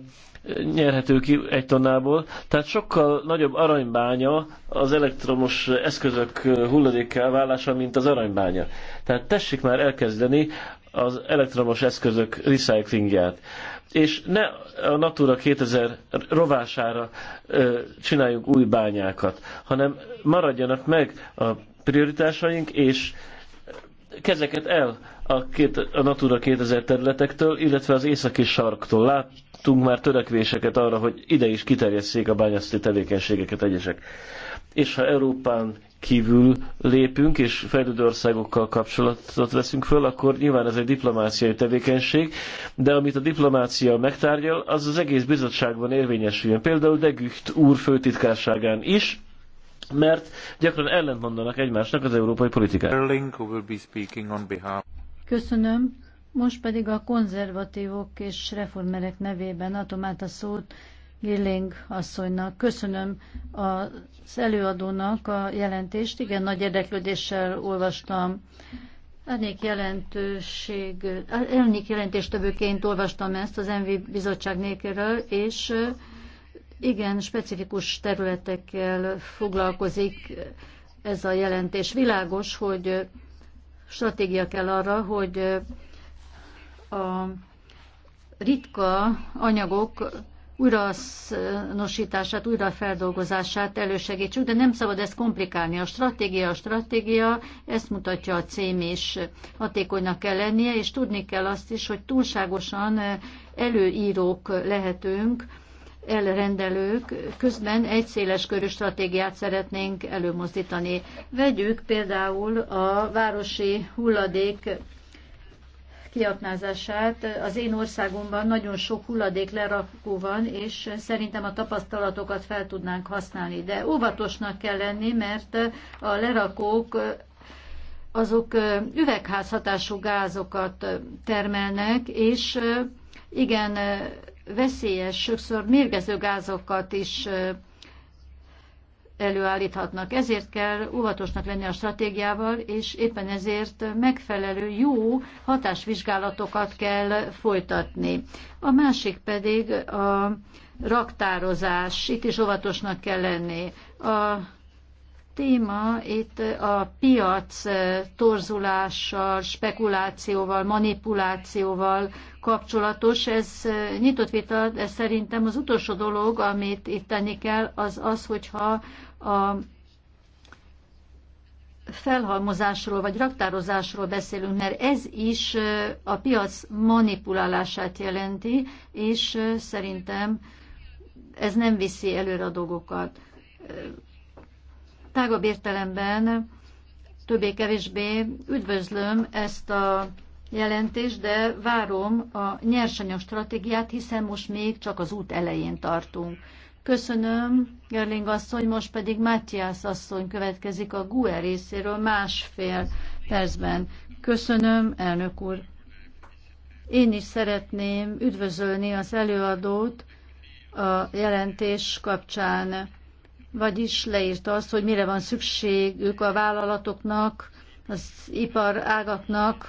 nyerhető ki egy tonnából, tehát sokkal nagyobb aranybánya az elektromos eszközök hulladékkel válása, mint az aranybánya. Tehát tessék már elkezdeni az elektromos eszközök recyclingját. És ne a Natura 2000 rovására ö, új bányákat, hanem maradjanak meg a prioritásaink, és kezeket el a, két, a Natura 2000 területektől, illetve az északi sarktól. Lát, láttunk már törekvéseket arra, hogy ide is kiterjesszék a bányászati tevékenységeket egyesek. És ha Európán kívül lépünk, és fejlődő országokkal kapcsolatot veszünk föl, akkor nyilván ez egy diplomáciai tevékenység, de amit a diplomácia megtárgyal, az az egész bizottságban érvényesüljön. Például De Gucht úr főtitkárságán is, mert gyakran ellentmondanak egymásnak az európai politikák. Köszönöm. Most pedig a konzervatívok és reformerek nevében adom át a szót Gilling asszonynak. Köszönöm az előadónak a jelentést. Igen, nagy érdeklődéssel olvastam. Elnék jelentőség, elnék jelentéstevőként olvastam ezt az MV bizottság nélkülről, és igen, specifikus területekkel foglalkozik ez a jelentés. Világos, hogy stratégia kell arra, hogy a ritka anyagok újrahasznosítását, újrafeldolgozását elősegítsük, de nem szabad ezt komplikálni. A stratégia, a stratégia, ezt mutatja a cím is, hatékonynak kell lennie, és tudni kell azt is, hogy túlságosan előírók lehetünk, elrendelők, közben egy széles körű stratégiát szeretnénk előmozdítani. Vegyük például a városi hulladék kiaknázását. Az én országomban nagyon sok hulladék lerakó van, és szerintem a tapasztalatokat fel tudnánk használni. De óvatosnak kell lenni, mert a lerakók azok üvegházhatású gázokat termelnek, és igen, veszélyes, sokszor mérgező gázokat is előállíthatnak. Ezért kell óvatosnak lenni a stratégiával, és éppen ezért megfelelő jó hatásvizsgálatokat kell folytatni. A másik pedig a raktározás. Itt is óvatosnak kell lenni. A téma itt a piac eh, torzulással, spekulációval, manipulációval kapcsolatos. Ez eh, nyitott vita, de szerintem az utolsó dolog, amit itt tenni kell, az az, hogyha a felhalmozásról vagy raktározásról beszélünk, mert ez is eh, a piac manipulálását jelenti, és szerintem ez nem viszi előre a dolgokat tágabb értelemben többé-kevésbé üdvözlöm ezt a jelentést, de várom a nyersanyag stratégiát, hiszen most még csak az út elején tartunk. Köszönöm, Gerling asszony, most pedig Mátyász asszony következik a GUE részéről másfél percben. Köszönöm, elnök úr. Én is szeretném üdvözölni az előadót a jelentés kapcsán vagyis leírta azt, hogy mire van szükségük a vállalatoknak, az iparágaknak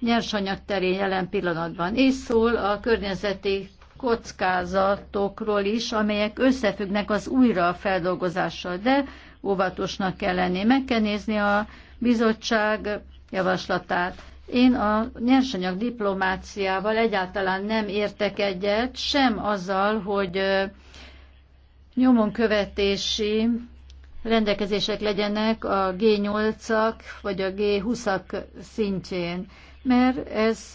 nyersanyag terén jelen pillanatban. És szól a környezeti kockázatokról is, amelyek összefüggnek az újrafeldolgozással, de óvatosnak kell lenni. Meg kell nézni a bizottság javaslatát. Én a nyersanyag diplomáciával egyáltalán nem értek egyet, sem azzal, hogy nyomon követési rendelkezések legyenek a G8-ak vagy a G20-ak szintjén, mert ez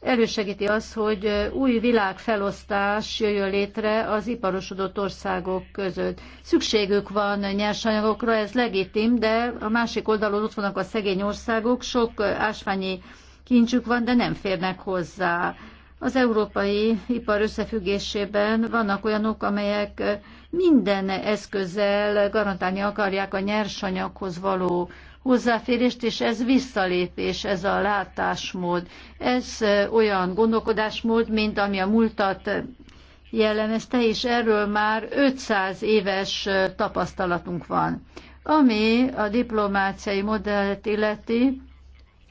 elősegíti az, hogy új világfelosztás jöjjön létre az iparosodott országok között. Szükségük van nyersanyagokra, ez legitim, de a másik oldalon ott vannak a szegény országok, sok ásványi kincsük van, de nem férnek hozzá az európai ipar összefüggésében vannak olyanok, amelyek minden eszközzel garantálni akarják a nyersanyaghoz való hozzáférést, és ez visszalépés, ez a látásmód. Ez olyan gondolkodásmód, mint ami a múltat jellemezte, és erről már 500 éves tapasztalatunk van. Ami a diplomáciai modellt illeti,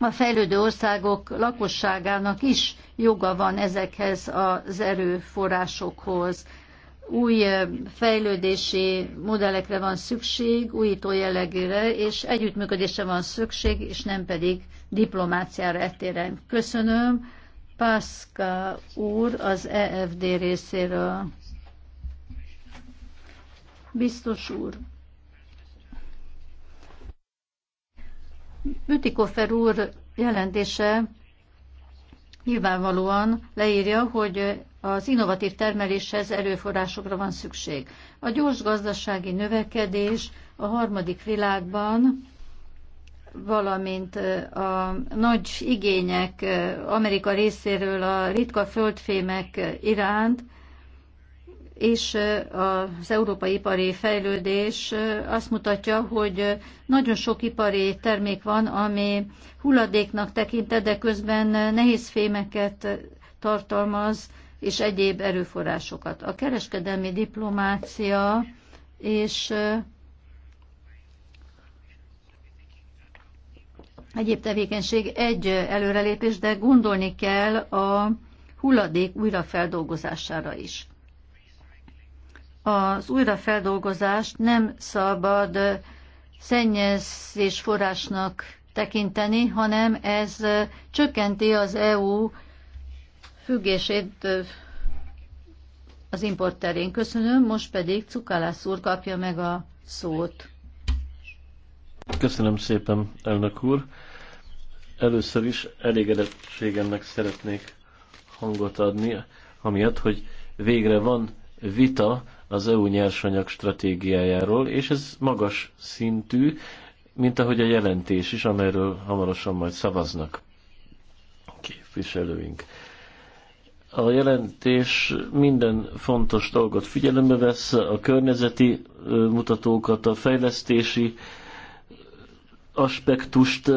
a fejlődő országok lakosságának is joga van ezekhez az erőforrásokhoz. Új fejlődési modellekre van szükség, újító jellegére, és együttműködésre van szükség, és nem pedig diplomáciára ettéren. Köszönöm. Pászka úr az EFD részéről. Biztos úr. Bütikofer úr jelentése nyilvánvalóan leírja, hogy az innovatív termeléshez erőforrásokra van szükség. A gyors gazdasági növekedés a harmadik világban, valamint a nagy igények Amerika részéről a ritka földfémek iránt és az európai ipari fejlődés azt mutatja, hogy nagyon sok ipari termék van, ami hulladéknak tekintett, de közben nehéz fémeket tartalmaz, és egyéb erőforrásokat. A kereskedelmi diplomácia és egyéb tevékenység egy előrelépés, de gondolni kell a hulladék újrafeldolgozására is az újrafeldolgozást nem szabad szennyezés forrásnak tekinteni, hanem ez csökkenti az EU függését az import terén. Köszönöm, most pedig Cukalász úr kapja meg a szót. Köszönöm szépen, elnök úr. Először is elégedettségemnek szeretnék hangot adni, amiatt, hogy végre van vita az EU nyersanyag stratégiájáról, és ez magas szintű, mint ahogy a jelentés is, amelyről hamarosan majd szavaznak képviselőink. A jelentés minden fontos dolgot figyelembe vesz, a környezeti mutatókat, a fejlesztési aspektust,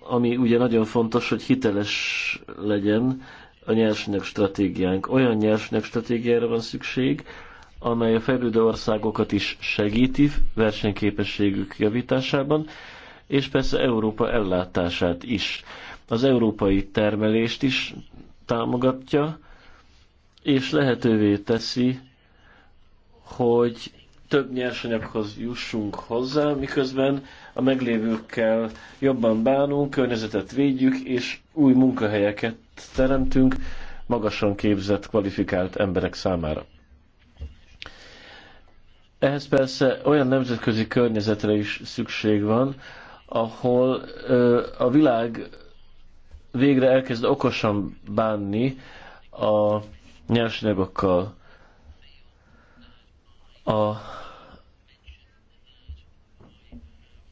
ami ugye nagyon fontos, hogy hiteles legyen a nyersanyag stratégiánk. Olyan nyersanyag stratégiára van szükség, amely a fejlődő országokat is segíti versenyképességük javításában, és persze Európa ellátását is. Az európai termelést is támogatja, és lehetővé teszi, hogy több nyersanyaghoz jussunk hozzá, miközben a meglévőkkel jobban bánunk, környezetet védjük, és új munkahelyeket teremtünk magasan képzett, kvalifikált emberek számára. Ehhez persze olyan nemzetközi környezetre is szükség van, ahol a világ végre elkezd okosan bánni a nyersanyagokkal. A,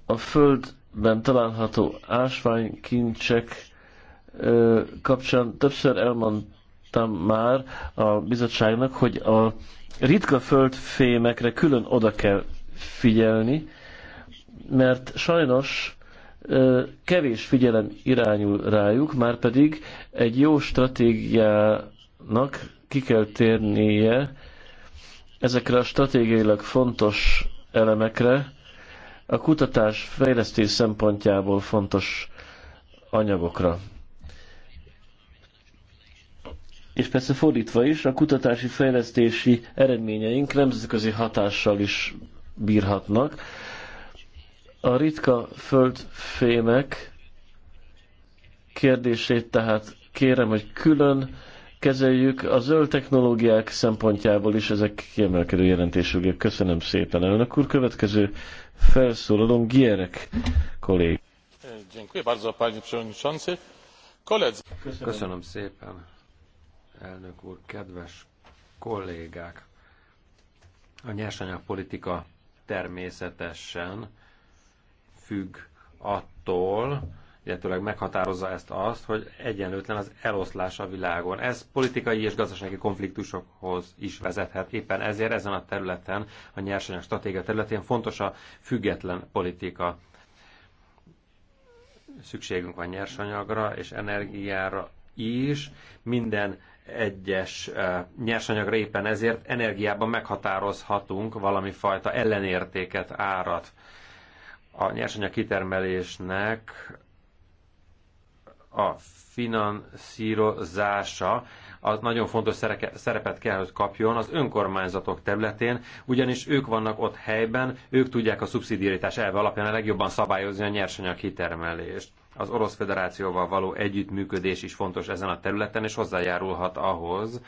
a földben található ásványkincsek kapcsán többször elmondtam már a bizottságnak, hogy a ritka földfémekre külön oda kell figyelni, mert sajnos kevés figyelem irányul rájuk, már pedig egy jó stratégiának ki kell térnie ezekre a stratégiailag fontos elemekre, a kutatás fejlesztés szempontjából fontos anyagokra és persze fordítva is, a kutatási fejlesztési eredményeink nemzetközi hatással is bírhatnak. A ritka földfémek kérdését tehát kérem, hogy külön kezeljük a zöld technológiák szempontjából is ezek kiemelkedő jelentésűek. Köszönöm szépen, elnök úr. Következő felszólalom Gierek kollég. Köszönöm. Köszönöm szépen elnök úr, kedves kollégák! A nyersanyagpolitika természetesen függ attól, illetőleg meghatározza ezt azt, hogy egyenlőtlen az eloszlás a világon. Ez politikai és gazdasági konfliktusokhoz is vezethet. Éppen ezért ezen a területen, a nyersanyag stratégia területén fontos a független politika. Szükségünk van nyersanyagra és energiára is. Minden egyes eh, nyersanyagra éppen ezért energiában meghatározhatunk valami fajta ellenértéket, árat a nyersanyag kitermelésnek a finanszírozása az nagyon fontos szerepet kell, hogy kapjon az önkormányzatok területén, ugyanis ők vannak ott helyben, ők tudják a szubszidiaritás elve alapján a legjobban szabályozni a nyersanyag kitermelést. Az Orosz Federációval való együttműködés is fontos ezen a területen, és hozzájárulhat ahhoz,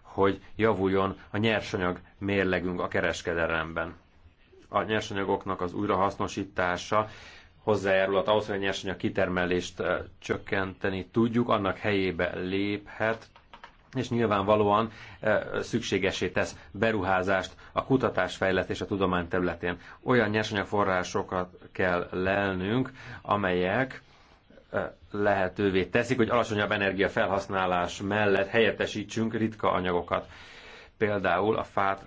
hogy javuljon a nyersanyag mérlegünk a kereskedelemben. A nyersanyagoknak az újrahasznosítása hozzájárulhat ahhoz, hogy a nyersanyag kitermelést csökkenteni tudjuk, annak helyébe léphet, és nyilvánvalóan szükségesé tesz beruházást a kutatásfejletés a tudomány területén. Olyan nyersanyagforrásokat kell lelnünk, amelyek lehetővé teszik, hogy alacsonyabb energiafelhasználás mellett helyettesítsünk ritka anyagokat. Például a fát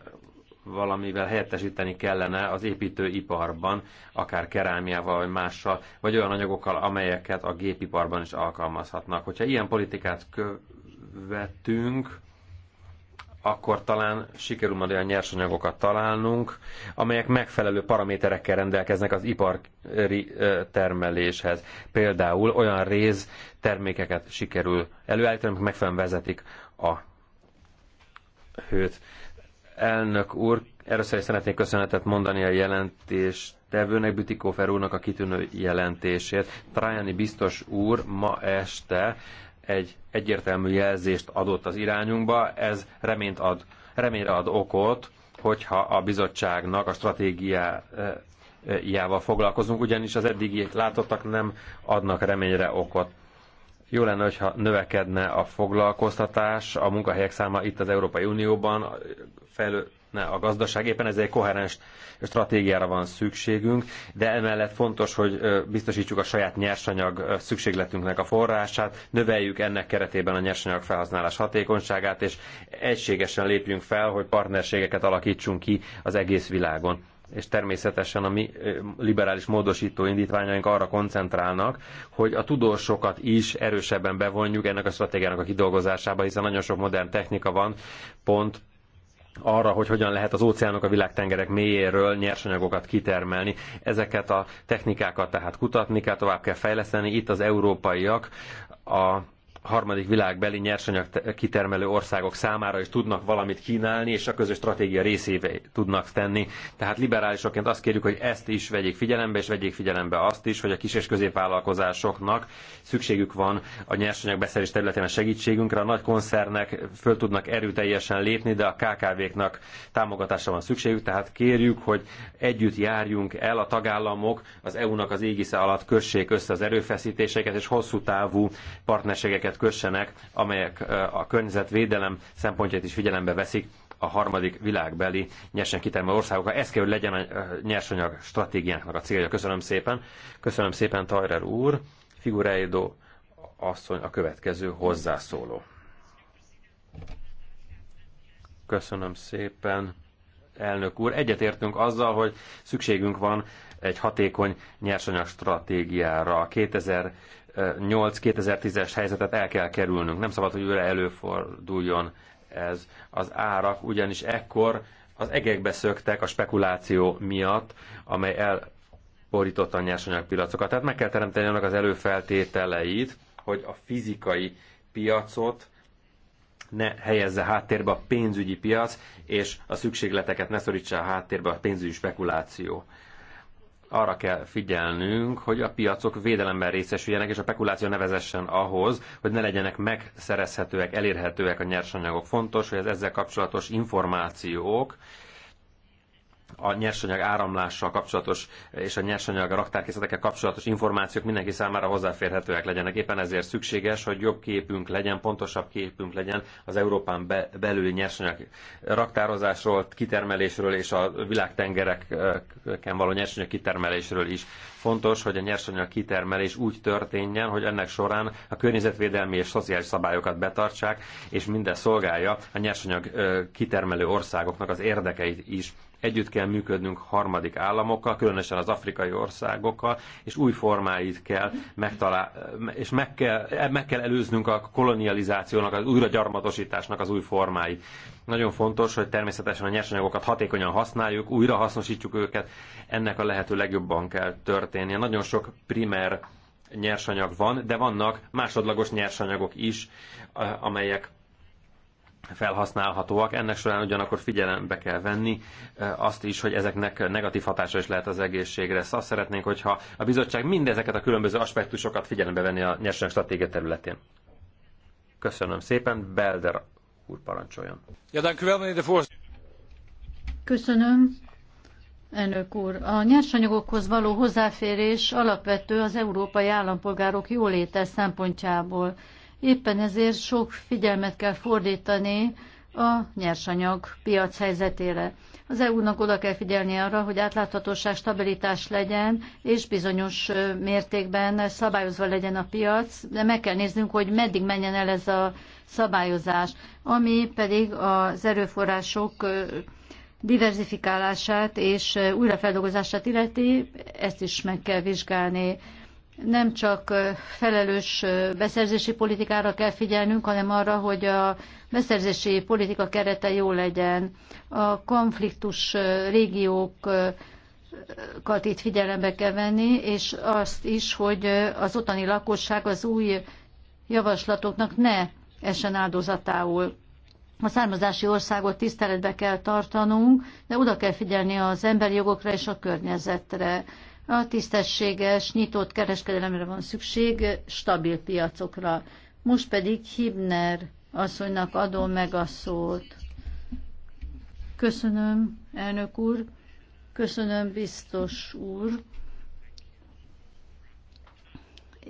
valamivel helyettesíteni kellene az építőiparban, akár kerámiával vagy mással, vagy olyan anyagokkal, amelyeket a gépiparban is alkalmazhatnak. Hogyha ilyen politikát követünk, akkor talán sikerül majd olyan nyersanyagokat találnunk, amelyek megfelelő paraméterekkel rendelkeznek az ipari termeléshez. Például olyan réz termékeket sikerül előállítani, amik megfelelően vezetik a hőt. Elnök úr, először is szeretnék köszönetet mondani a jelentést tevőnek, Bütikófer úrnak a kitűnő jelentését. Trajani biztos úr ma este egy egyértelmű jelzést adott az irányunkba, ez reményt ad, reményre ad okot, hogyha a bizottságnak a stratégiájával eh, foglalkozunk, ugyanis az eddigi látottak nem adnak reményre okot. Jó lenne, hogyha növekedne a foglalkoztatás, a munkahelyek száma itt az Európai Unióban, fejlő, a gazdaság, éppen ezért koherens stratégiára van szükségünk, de emellett fontos, hogy biztosítsuk a saját nyersanyag szükségletünknek a forrását, növeljük ennek keretében a nyersanyag felhasználás hatékonyságát, és egységesen lépjünk fel, hogy partnerségeket alakítsunk ki az egész világon és természetesen a mi liberális módosító indítványaink arra koncentrálnak, hogy a tudósokat is erősebben bevonjuk ennek a stratégiának a kidolgozásába, hiszen nagyon sok modern technika van, pont arra, hogy hogyan lehet az óceánok, a világtengerek mélyéről nyersanyagokat kitermelni. Ezeket a technikákat tehát kutatni kell, tovább kell fejleszteni. Itt az európaiak a harmadik világbeli nyersanyag kitermelő országok számára is tudnak valamit kínálni, és a közös stratégia részévé tudnak tenni. Tehát liberálisoként azt kérjük, hogy ezt is vegyék figyelembe, és vegyék figyelembe azt is, hogy a kis és középvállalkozásoknak szükségük van a nyersanyag területén a segítségünkre. A nagy koncernek föl tudnak erőteljesen lépni, de a KKV-knak támogatásra van szükségük, tehát kérjük, hogy együtt járjunk el a tagállamok, az EU-nak az égisze alatt kössék össze az erőfeszítéseket, és hosszú távú partnerségeket kössenek, amelyek a környezetvédelem szempontjait is figyelembe veszik a harmadik világbeli nyersen kitermelő országokkal. Ez kell, hogy legyen a nyersanyag stratégiánknak a célja. Köszönöm szépen. Köszönöm szépen, Tajrer úr. Figureido asszony a következő hozzászóló. Köszönöm szépen, elnök úr. Egyetértünk azzal, hogy szükségünk van egy hatékony nyersanyag stratégiára. a 2000 2008-2010-es helyzetet el kell kerülnünk. Nem szabad, hogy őre előforduljon ez. Az árak ugyanis ekkor az egekbe szöktek a spekuláció miatt, amely elborította a nyersanyagpiacokat. Tehát meg kell teremteni annak az előfeltételeit, hogy a fizikai piacot ne helyezze háttérbe a pénzügyi piac, és a szükségleteket ne szorítsa a háttérbe a pénzügyi spekuláció arra kell figyelnünk, hogy a piacok védelemben részesüljenek, és a spekuláció nevezessen ahhoz, hogy ne legyenek megszerezhetőek, elérhetőek a nyersanyagok. Fontos, hogy az ezzel kapcsolatos információk a nyersanyag áramlással kapcsolatos és a nyersanyag raktárkészletekkel kapcsolatos információk mindenki számára hozzáférhetőek legyenek. Éppen ezért szükséges, hogy jobb képünk legyen, pontosabb képünk legyen az Európán be, belüli nyersanyag raktározásról, kitermelésről és a világtengereken való nyersanyag kitermelésről is. Fontos, hogy a nyersanyag kitermelés úgy történjen, hogy ennek során a környezetvédelmi és szociális szabályokat betartsák, és minden szolgálja a nyersanyag kitermelő országoknak az érdekeit is Együtt kell működnünk harmadik államokkal, különösen az afrikai országokkal, és új formáit kell megtalál, és meg kell, meg kell előznünk a kolonializációnak, az újragyarmatosításnak az új formái. Nagyon fontos, hogy természetesen a nyersanyagokat hatékonyan használjuk, újra hasznosítjuk őket, ennek a lehető legjobban kell történnie. Nagyon sok primer nyersanyag van, de vannak másodlagos nyersanyagok is, amelyek felhasználhatóak. Ennek során ugyanakkor figyelembe kell venni azt is, hogy ezeknek negatív hatása is lehet az egészségre. Szóval szeretnénk, hogyha a bizottság mindezeket a különböző aspektusokat figyelembe venni a nyersanyag stratégia területén. Köszönöm szépen, Belder úr parancsoljon. Köszönöm. Elnök úr, a nyersanyagokhoz való hozzáférés alapvető az európai állampolgárok jóléte szempontjából. Éppen ezért sok figyelmet kell fordítani a nyersanyag piac helyzetére. Az EU-nak oda kell figyelni arra, hogy átláthatóság, stabilitás legyen, és bizonyos mértékben szabályozva legyen a piac, de meg kell néznünk, hogy meddig menjen el ez a szabályozás, ami pedig az erőforrások diversifikálását és újrafeldolgozását illeti, ezt is meg kell vizsgálni nem csak felelős beszerzési politikára kell figyelnünk, hanem arra, hogy a beszerzési politika kerete jó legyen. A konfliktus régiókat itt figyelembe kell venni, és azt is, hogy az ottani lakosság az új javaslatoknak ne essen áldozatául. A származási országot tiszteletbe kell tartanunk, de oda kell figyelni az emberi jogokra és a környezetre a tisztességes, nyitott kereskedelemre van szükség, stabil piacokra. Most pedig Hibner asszonynak adom meg a szót. Köszönöm, elnök úr. Köszönöm, biztos úr.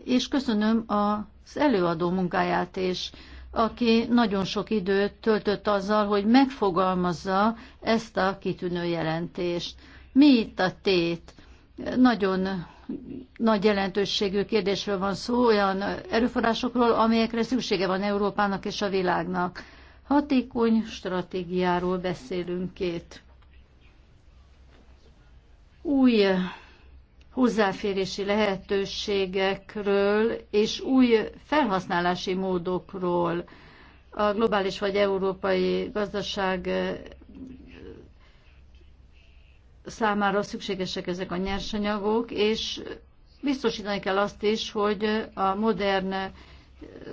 És köszönöm az előadó munkáját is, aki nagyon sok időt töltött azzal, hogy megfogalmazza ezt a kitűnő jelentést. Mi itt a tét? Nagyon nagy jelentőségű kérdésről van szó, olyan erőforrásokról, amelyekre szüksége van Európának és a világnak. Hatékony stratégiáról beszélünk két. Új hozzáférési lehetőségekről és új felhasználási módokról a globális vagy európai gazdaság számára szükségesek ezek a nyersanyagok, és biztosítani kell azt is, hogy a modern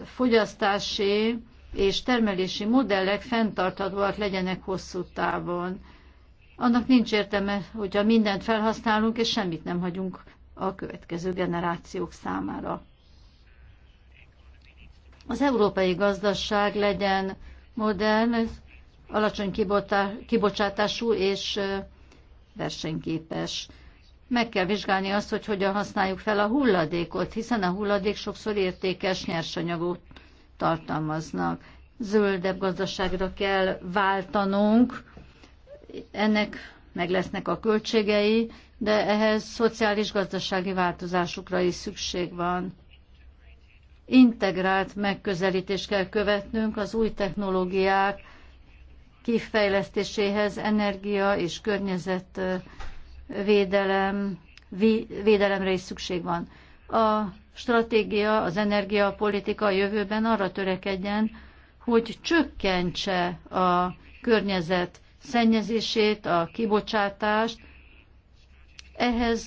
fogyasztási és termelési modellek fenntarthatóak legyenek hosszú távon. Annak nincs értelme, hogyha mindent felhasználunk, és semmit nem hagyunk a következő generációk számára. Az európai gazdaság legyen modern, alacsony kibocsátású és versenyképes. Meg kell vizsgálni azt, hogy hogyan használjuk fel a hulladékot, hiszen a hulladék sokszor értékes nyersanyagot tartalmaznak. Zöldebb gazdaságra kell váltanunk, ennek meg lesznek a költségei, de ehhez szociális-gazdasági változásokra is szükség van. Integrált megközelítést kell követnünk az új technológiák, kifejlesztéséhez, energia és környezetvédelem, védelemre is szükség van. A stratégia, az energiapolitika a jövőben arra törekedjen, hogy csökkentse a környezet szennyezését, a kibocsátást. Ehhez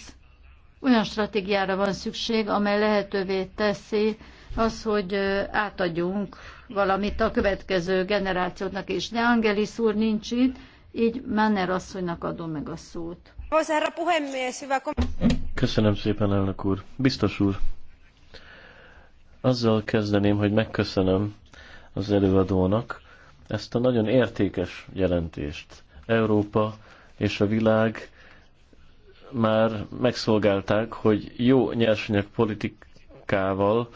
olyan stratégiára van szükség, amely lehetővé teszi az, hogy átadjunk valamit a következő generációknak is. De Angelis úr nincs itt, így Menner asszonynak adom meg a szót. Köszönöm szépen, elnök úr. Biztos úr, azzal kezdeném, hogy megköszönöm az előadónak ezt a nagyon értékes jelentést. Európa és a világ már megszolgálták, hogy jó nyersanyag politikával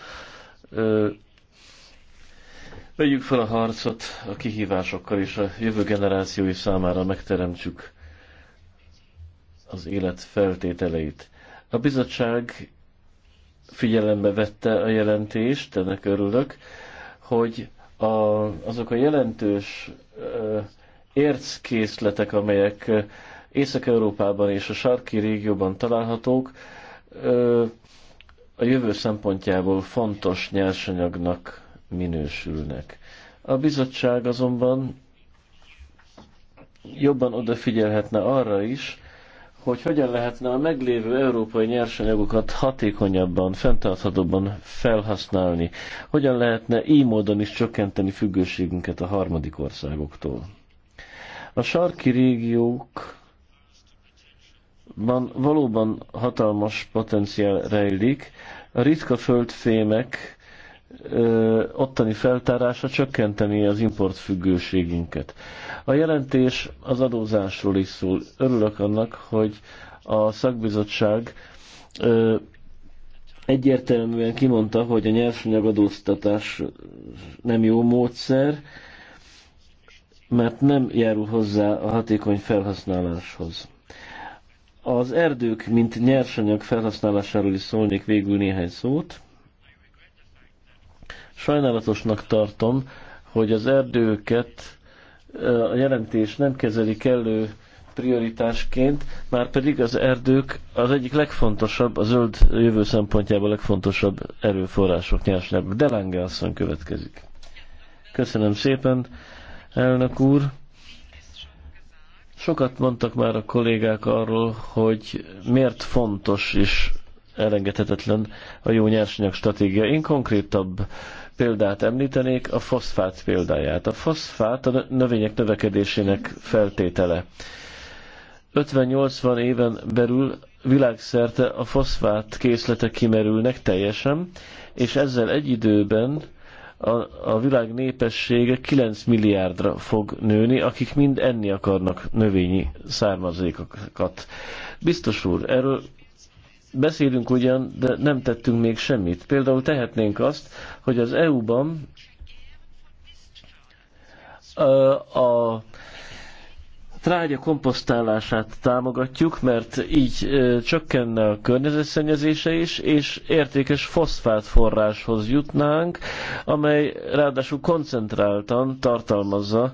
Vegyük fel a harcot a kihívásokkal, és a jövő generációi számára megteremtsük az élet feltételeit. A bizottság figyelembe vette a jelentést, ennek örülök, hogy a, azok a jelentős érckészletek, amelyek Észak-Európában és a sarki régióban találhatók, a jövő szempontjából fontos nyersanyagnak minősülnek. A bizottság azonban jobban odafigyelhetne arra is, hogy hogyan lehetne a meglévő európai nyersanyagokat hatékonyabban, fenntarthatóbban felhasználni, hogyan lehetne így módon is csökkenteni függőségünket a harmadik országoktól. A sarki régiókban valóban hatalmas potenciál rejlik, a ritka földfémek ottani feltárása csökkenteni az importfüggőségünket. A jelentés az adózásról is szól. Örülök annak, hogy a szakbizottság egyértelműen kimondta, hogy a nyersanyagadóztatás nem jó módszer, mert nem járul hozzá a hatékony felhasználáshoz. Az erdők, mint nyersanyag felhasználásáról is szólnék végül néhány szót. Sajnálatosnak tartom, hogy az erdőket a jelentés nem kezeli kellő prioritásként, már pedig az erdők az egyik legfontosabb, a zöld jövő szempontjából legfontosabb erőforrások nyersnek. Lange asszony következik. Köszönöm szépen, elnök úr. Sokat mondtak már a kollégák arról, hogy miért fontos és elengedhetetlen a jó nyersanyag stratégia. Én konkrétabb példát említenék, a foszfát példáját. A foszfát a növények növekedésének feltétele. 50-80 éven belül világszerte a foszfát készletek kimerülnek teljesen, és ezzel egy időben a, a világ népessége 9 milliárdra fog nőni, akik mind enni akarnak növényi származékokat. Biztos úr, erről Beszélünk ugyan, de nem tettünk még semmit. Például tehetnénk azt, hogy az EU-ban a trágya komposztálását támogatjuk, mert így csökkenne a környezetszennyezése is, és értékes foszfát forráshoz jutnánk, amely ráadásul koncentráltan tartalmazza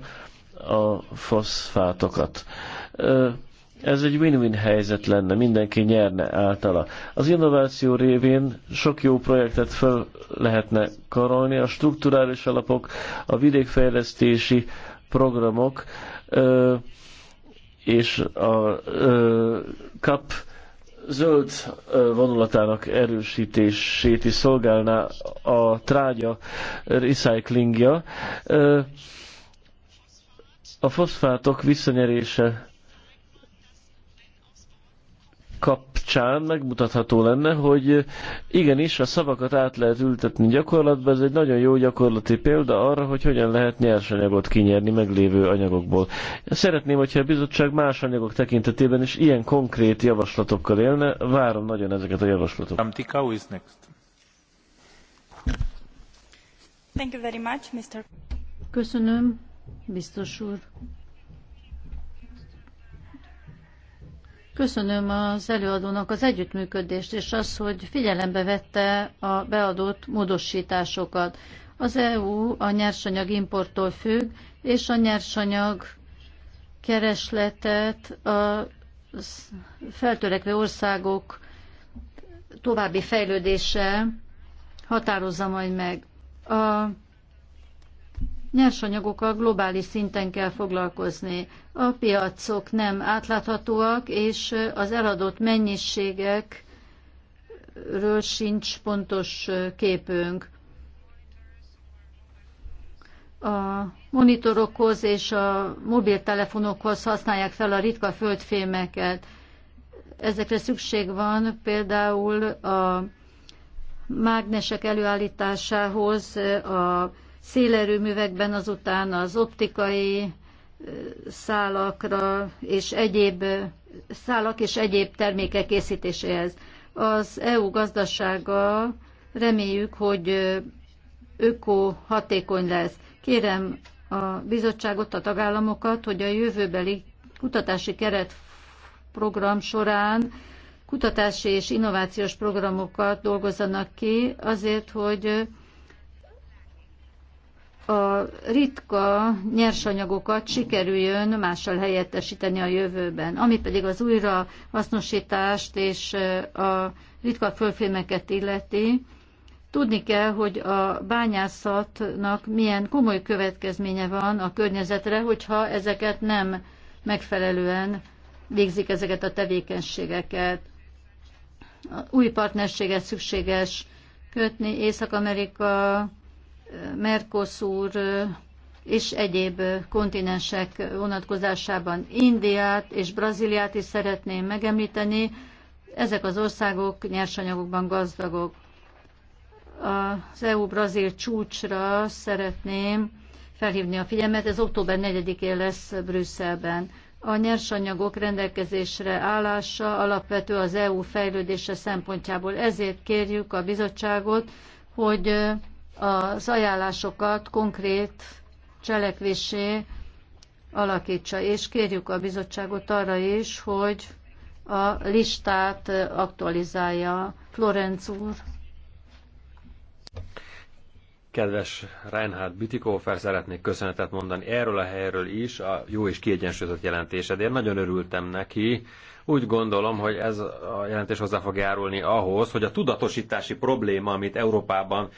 a foszfátokat. Ez egy win-win helyzet lenne, mindenki nyerne általa. Az innováció révén sok jó projektet fel lehetne karolni, a strukturális alapok, a vidékfejlesztési programok ö, és a ö, kap zöld vonulatának erősítését is szolgálná a trágya recyclingja. Ö, a foszfátok visszanyerése kapcsán megmutatható lenne, hogy igenis a szavakat át lehet ültetni gyakorlatban ez egy nagyon jó gyakorlati példa arra, hogy hogyan lehet nyersanyagot kinyerni meglévő anyagokból. Szeretném, hogyha a bizottság más anyagok tekintetében is ilyen konkrét javaslatokkal élne, várom nagyon ezeket a javaslatokat. Thank you very much, Mr. Köszönöm, biztos úr. Köszönöm az előadónak az együttműködést, és az, hogy figyelembe vette a beadott módosításokat. Az EU a nyersanyag importtól függ, és a nyersanyag keresletet a feltörekvő országok további fejlődése határozza majd meg. A nyersanyagokkal globális szinten kell foglalkozni. A piacok nem átláthatóak, és az eladott mennyiségekről sincs pontos képünk. A monitorokhoz és a mobiltelefonokhoz használják fel a ritka földfémeket. Ezekre szükség van például a mágnesek előállításához, a szélerőművekben, azután az optikai szálakra és egyéb szálak és egyéb termékek készítéséhez. Az EU gazdasága reméljük, hogy öko hatékony lesz. Kérem a bizottságot, a tagállamokat, hogy a jövőbeli kutatási keretprogram során kutatási és innovációs programokat dolgozzanak ki azért, hogy a ritka nyersanyagokat sikerüljön mással helyettesíteni a jövőben. Ami pedig az újra hasznosítást és a ritka fölfémeket illeti, tudni kell, hogy a bányászatnak milyen komoly következménye van a környezetre, hogyha ezeket nem megfelelően végzik ezeket a tevékenységeket. Új partnerséget szükséges kötni Észak-Amerika Mercosur és egyéb kontinensek vonatkozásában Indiát és Brazíliát is szeretném megemlíteni. Ezek az országok nyersanyagokban gazdagok. Az EU-Brazil csúcsra szeretném felhívni a figyelmet, ez október 4-én lesz Brüsszelben. A nyersanyagok rendelkezésre állása alapvető az EU fejlődése szempontjából. Ezért kérjük a bizottságot, hogy az ajánlásokat konkrét cselekvésé alakítsa, és kérjük a bizottságot arra is, hogy a listát aktualizálja. Florenc úr. Kedves Reinhard Bütikofer, szeretnék köszönetet mondani erről a helyről is, a jó és kiegyensúlyozott jelentésedért. Nagyon örültem neki. Úgy gondolom, hogy ez a jelentés hozzá fog járulni ahhoz, hogy a tudatosítási probléma, amit Európában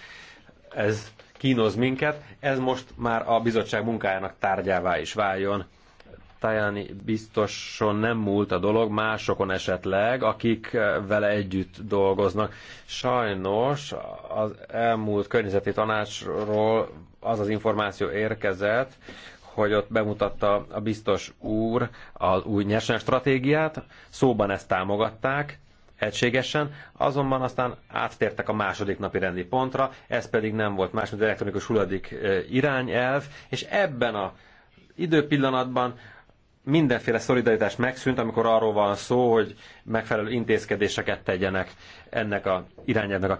ez kínoz minket, ez most már a bizottság munkájának tárgyává is váljon. Tajani biztosan nem múlt a dolog, másokon esetleg, akik eh, vele együtt dolgoznak. Sajnos az elmúlt környezeti tanácsról az az információ érkezett, hogy ott bemutatta a biztos úr az új nyersen stratégiát, szóban ezt támogatták, egységesen, azonban aztán áttértek a második napi rendi pontra, ez pedig nem volt más, mint elektronikus hulladék eh, irányelv, és ebben a időpillanatban mindenféle szolidaritás megszűnt, amikor arról van szó, hogy megfelelő intézkedéseket tegyenek ennek a irányelvnek a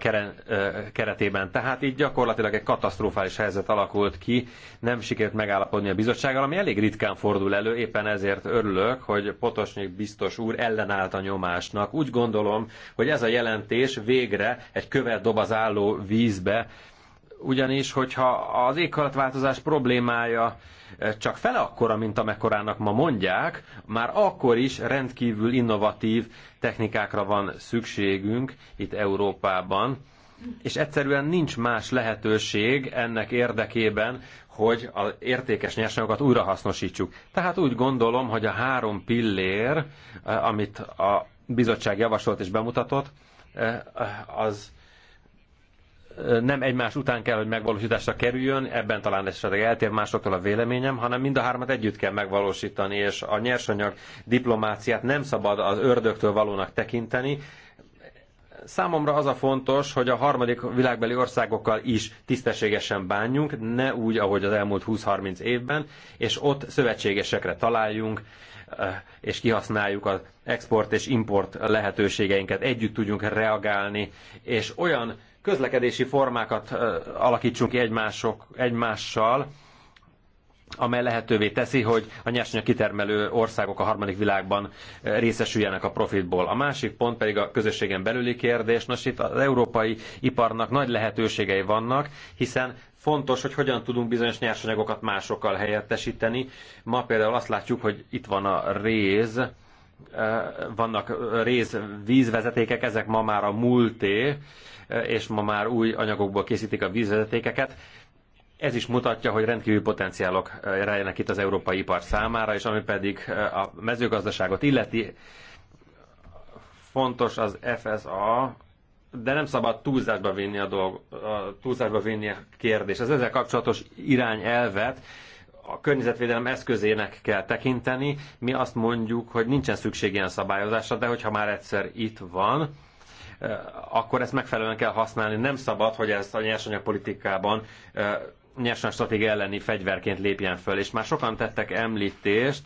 keretében. Tehát így gyakorlatilag egy katasztrofális helyzet alakult ki, nem sikerült megállapodni a bizottsággal, ami elég ritkán fordul elő, éppen ezért örülök, hogy Potosnyik biztos úr ellenállt a nyomásnak. Úgy gondolom, hogy ez a jelentés végre egy követ dob az álló vízbe ugyanis, hogyha az éghajlatváltozás problémája eh, csak fele akkora, mint amekkorának ma mondják, már akkor is rendkívül innovatív technikákra van szükségünk itt Európában, és egyszerűen nincs más lehetőség ennek érdekében, hogy az értékes nyersanyagokat újrahasznosítsuk. Tehát úgy gondolom, hogy a három pillér, eh, amit a bizottság javasolt és bemutatott, eh, az nem egymás után kell, hogy megvalósításra kerüljön, ebben talán esetleg eltér másoktól a véleményem, hanem mind a hármat együtt kell megvalósítani, és a nyersanyag diplomáciát nem szabad az ördögtől valónak tekinteni, számomra az a fontos, hogy a harmadik világbeli országokkal is tisztességesen bánjunk, ne úgy, ahogy az elmúlt 20-30 évben, és ott szövetségesekre találjunk, eh, és kihasználjuk az export és import lehetőségeinket, együtt tudjunk reagálni, és olyan közlekedési formákat alakítsunk ki egymások, egymással, amely lehetővé teszi, hogy a nyersanyag kitermelő országok a harmadik világban részesüljenek a profitból. A másik pont pedig a közösségen belüli kérdés. Nos, itt az európai iparnak nagy lehetőségei vannak, hiszen fontos, hogy hogyan tudunk bizonyos nyersanyagokat másokkal helyettesíteni. Ma például azt látjuk, hogy itt van a réz, vannak réz vízvezetékek, ezek ma már a múlté, és ma már új anyagokból készítik a vízvezetékeket. Ez is mutatja, hogy rendkívül potenciálok eh, rejlenek itt az európai ipar számára, és ami pedig eh, a mezőgazdaságot illeti, fontos az FSA, de nem szabad túlzásba vinni a, dolg, a túlzásba vinni a kérdés. Az ezzel kapcsolatos irányelvet a környezetvédelem eszközének kell tekinteni. Mi azt mondjuk, hogy nincsen szükség ilyen szabályozásra, de hogyha már egyszer itt van, Eh, akkor ezt megfelelően kell használni. Nem szabad, hogy ez a nyersanyagpolitikában eh, nyersanyagstratégia elleni fegyverként lépjen föl. És már sokan tettek említést,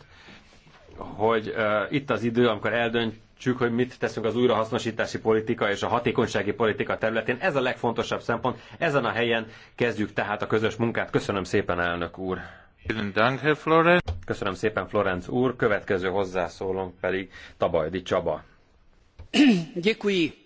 hogy eh, itt az idő, amikor eldöntsük, hogy mit teszünk az újrahasznosítási politika és a hatékonysági politika területén. Ez a legfontosabb szempont. Ezen a helyen kezdjük tehát a közös munkát. Köszönöm szépen, elnök úr! Köszönöm szépen, Florenc úr. Következő hozzászólónk pedig Tabajdi Csaba. Děkuji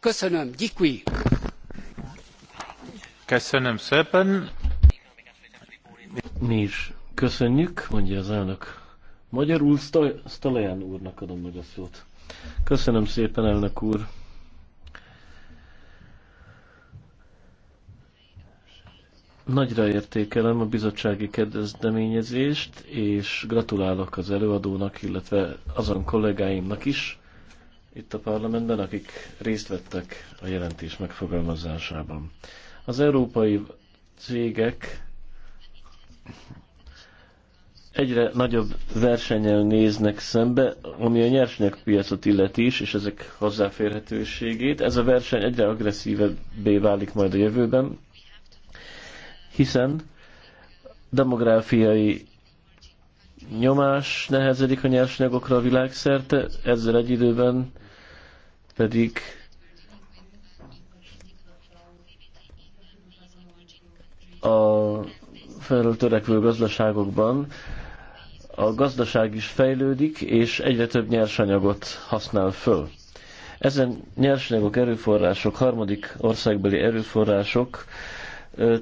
Köszönöm, děkuji. Köszönöm szépen. Mi is köszönjük, mondja az elnök. Magyarul Stalajan úrnak adom meg a szót. Köszönöm szépen, elnök úr. Nagyra értékelem a bizottsági kezdeményezést, és gratulálok az előadónak, illetve azon kollégáimnak is, itt a parlamentben, akik részt vettek a jelentés megfogalmazásában. Az európai cégek egyre nagyobb versenyen néznek szembe, ami a nyersanyagpiacot illeti is, és ezek hozzáférhetőségét. Ez a verseny egyre agresszívebbé válik majd a jövőben, hiszen demográfiai nyomás nehezedik a nyersanyagokra a világszerte, ezzel egy időben pedig a felről törekvő gazdaságokban a gazdaság is fejlődik, és egyre több nyersanyagot használ föl. Ezen nyersanyagok, erőforrások, harmadik országbeli erőforrások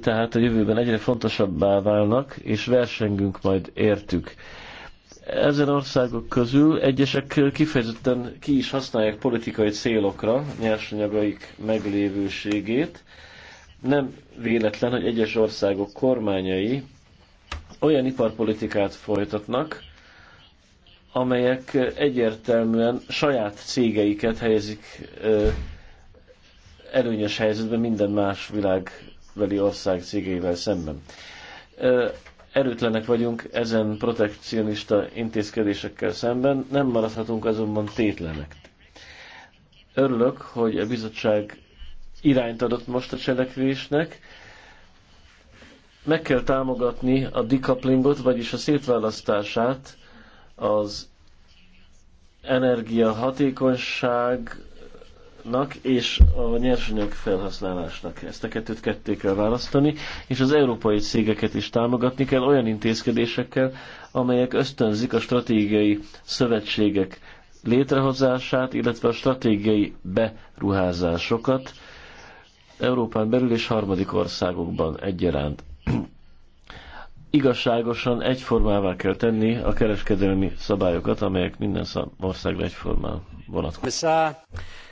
tehát a jövőben egyre fontosabbá válnak, és versengünk majd értük. Ezen országok közül egyesek kifejezetten ki is használják politikai célokra nyersanyagaik meglévőségét. Nem véletlen, hogy egyes országok kormányai olyan iparpolitikát folytatnak, amelyek egyértelműen saját cégeiket helyezik előnyös helyzetben minden más világ veli ország cégeivel szemben. Erőtlenek vagyunk ezen protekcionista intézkedésekkel szemben, nem maradhatunk azonban tétlenek. Örülök, hogy a bizottság irányt adott most a cselekvésnek, meg kell támogatni a decouplingot, vagyis a szétválasztását az energiahatékonyság nak és a nyersanyag felhasználásnak. Ezt a kettőt ketté kell választani, és az európai cégeket is támogatni kell olyan intézkedésekkel, amelyek ösztönzik a stratégiai szövetségek létrehozását, illetve a stratégiai beruházásokat Európán belül és harmadik országokban egyaránt. Igazságosan egyformává kell tenni a kereskedelmi szabályokat, amelyek minden országra egyformán vonatkoznak.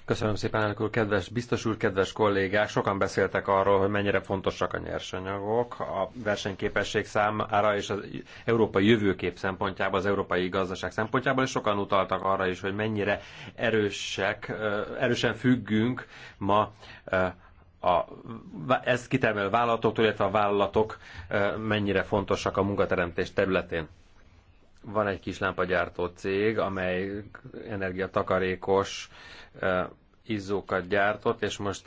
Köszönöm szépen, elnök úr, kedves biztos úr, kedves kollégák! Sokan beszéltek arról, hogy mennyire fontosak a nyersanyagok a versenyképesség számára és az európai jövőkép szempontjából, az európai gazdaság szempontjából, és sokan utaltak arra is, hogy mennyire erősek, erősen függünk ma a, ezt kitermelő vállalatoktól, illetve a vállalatok mennyire fontosak a munkateremtés területén. Van egy kis lámpagyártó cég, amely energiatakarékos izzókat gyártott, és most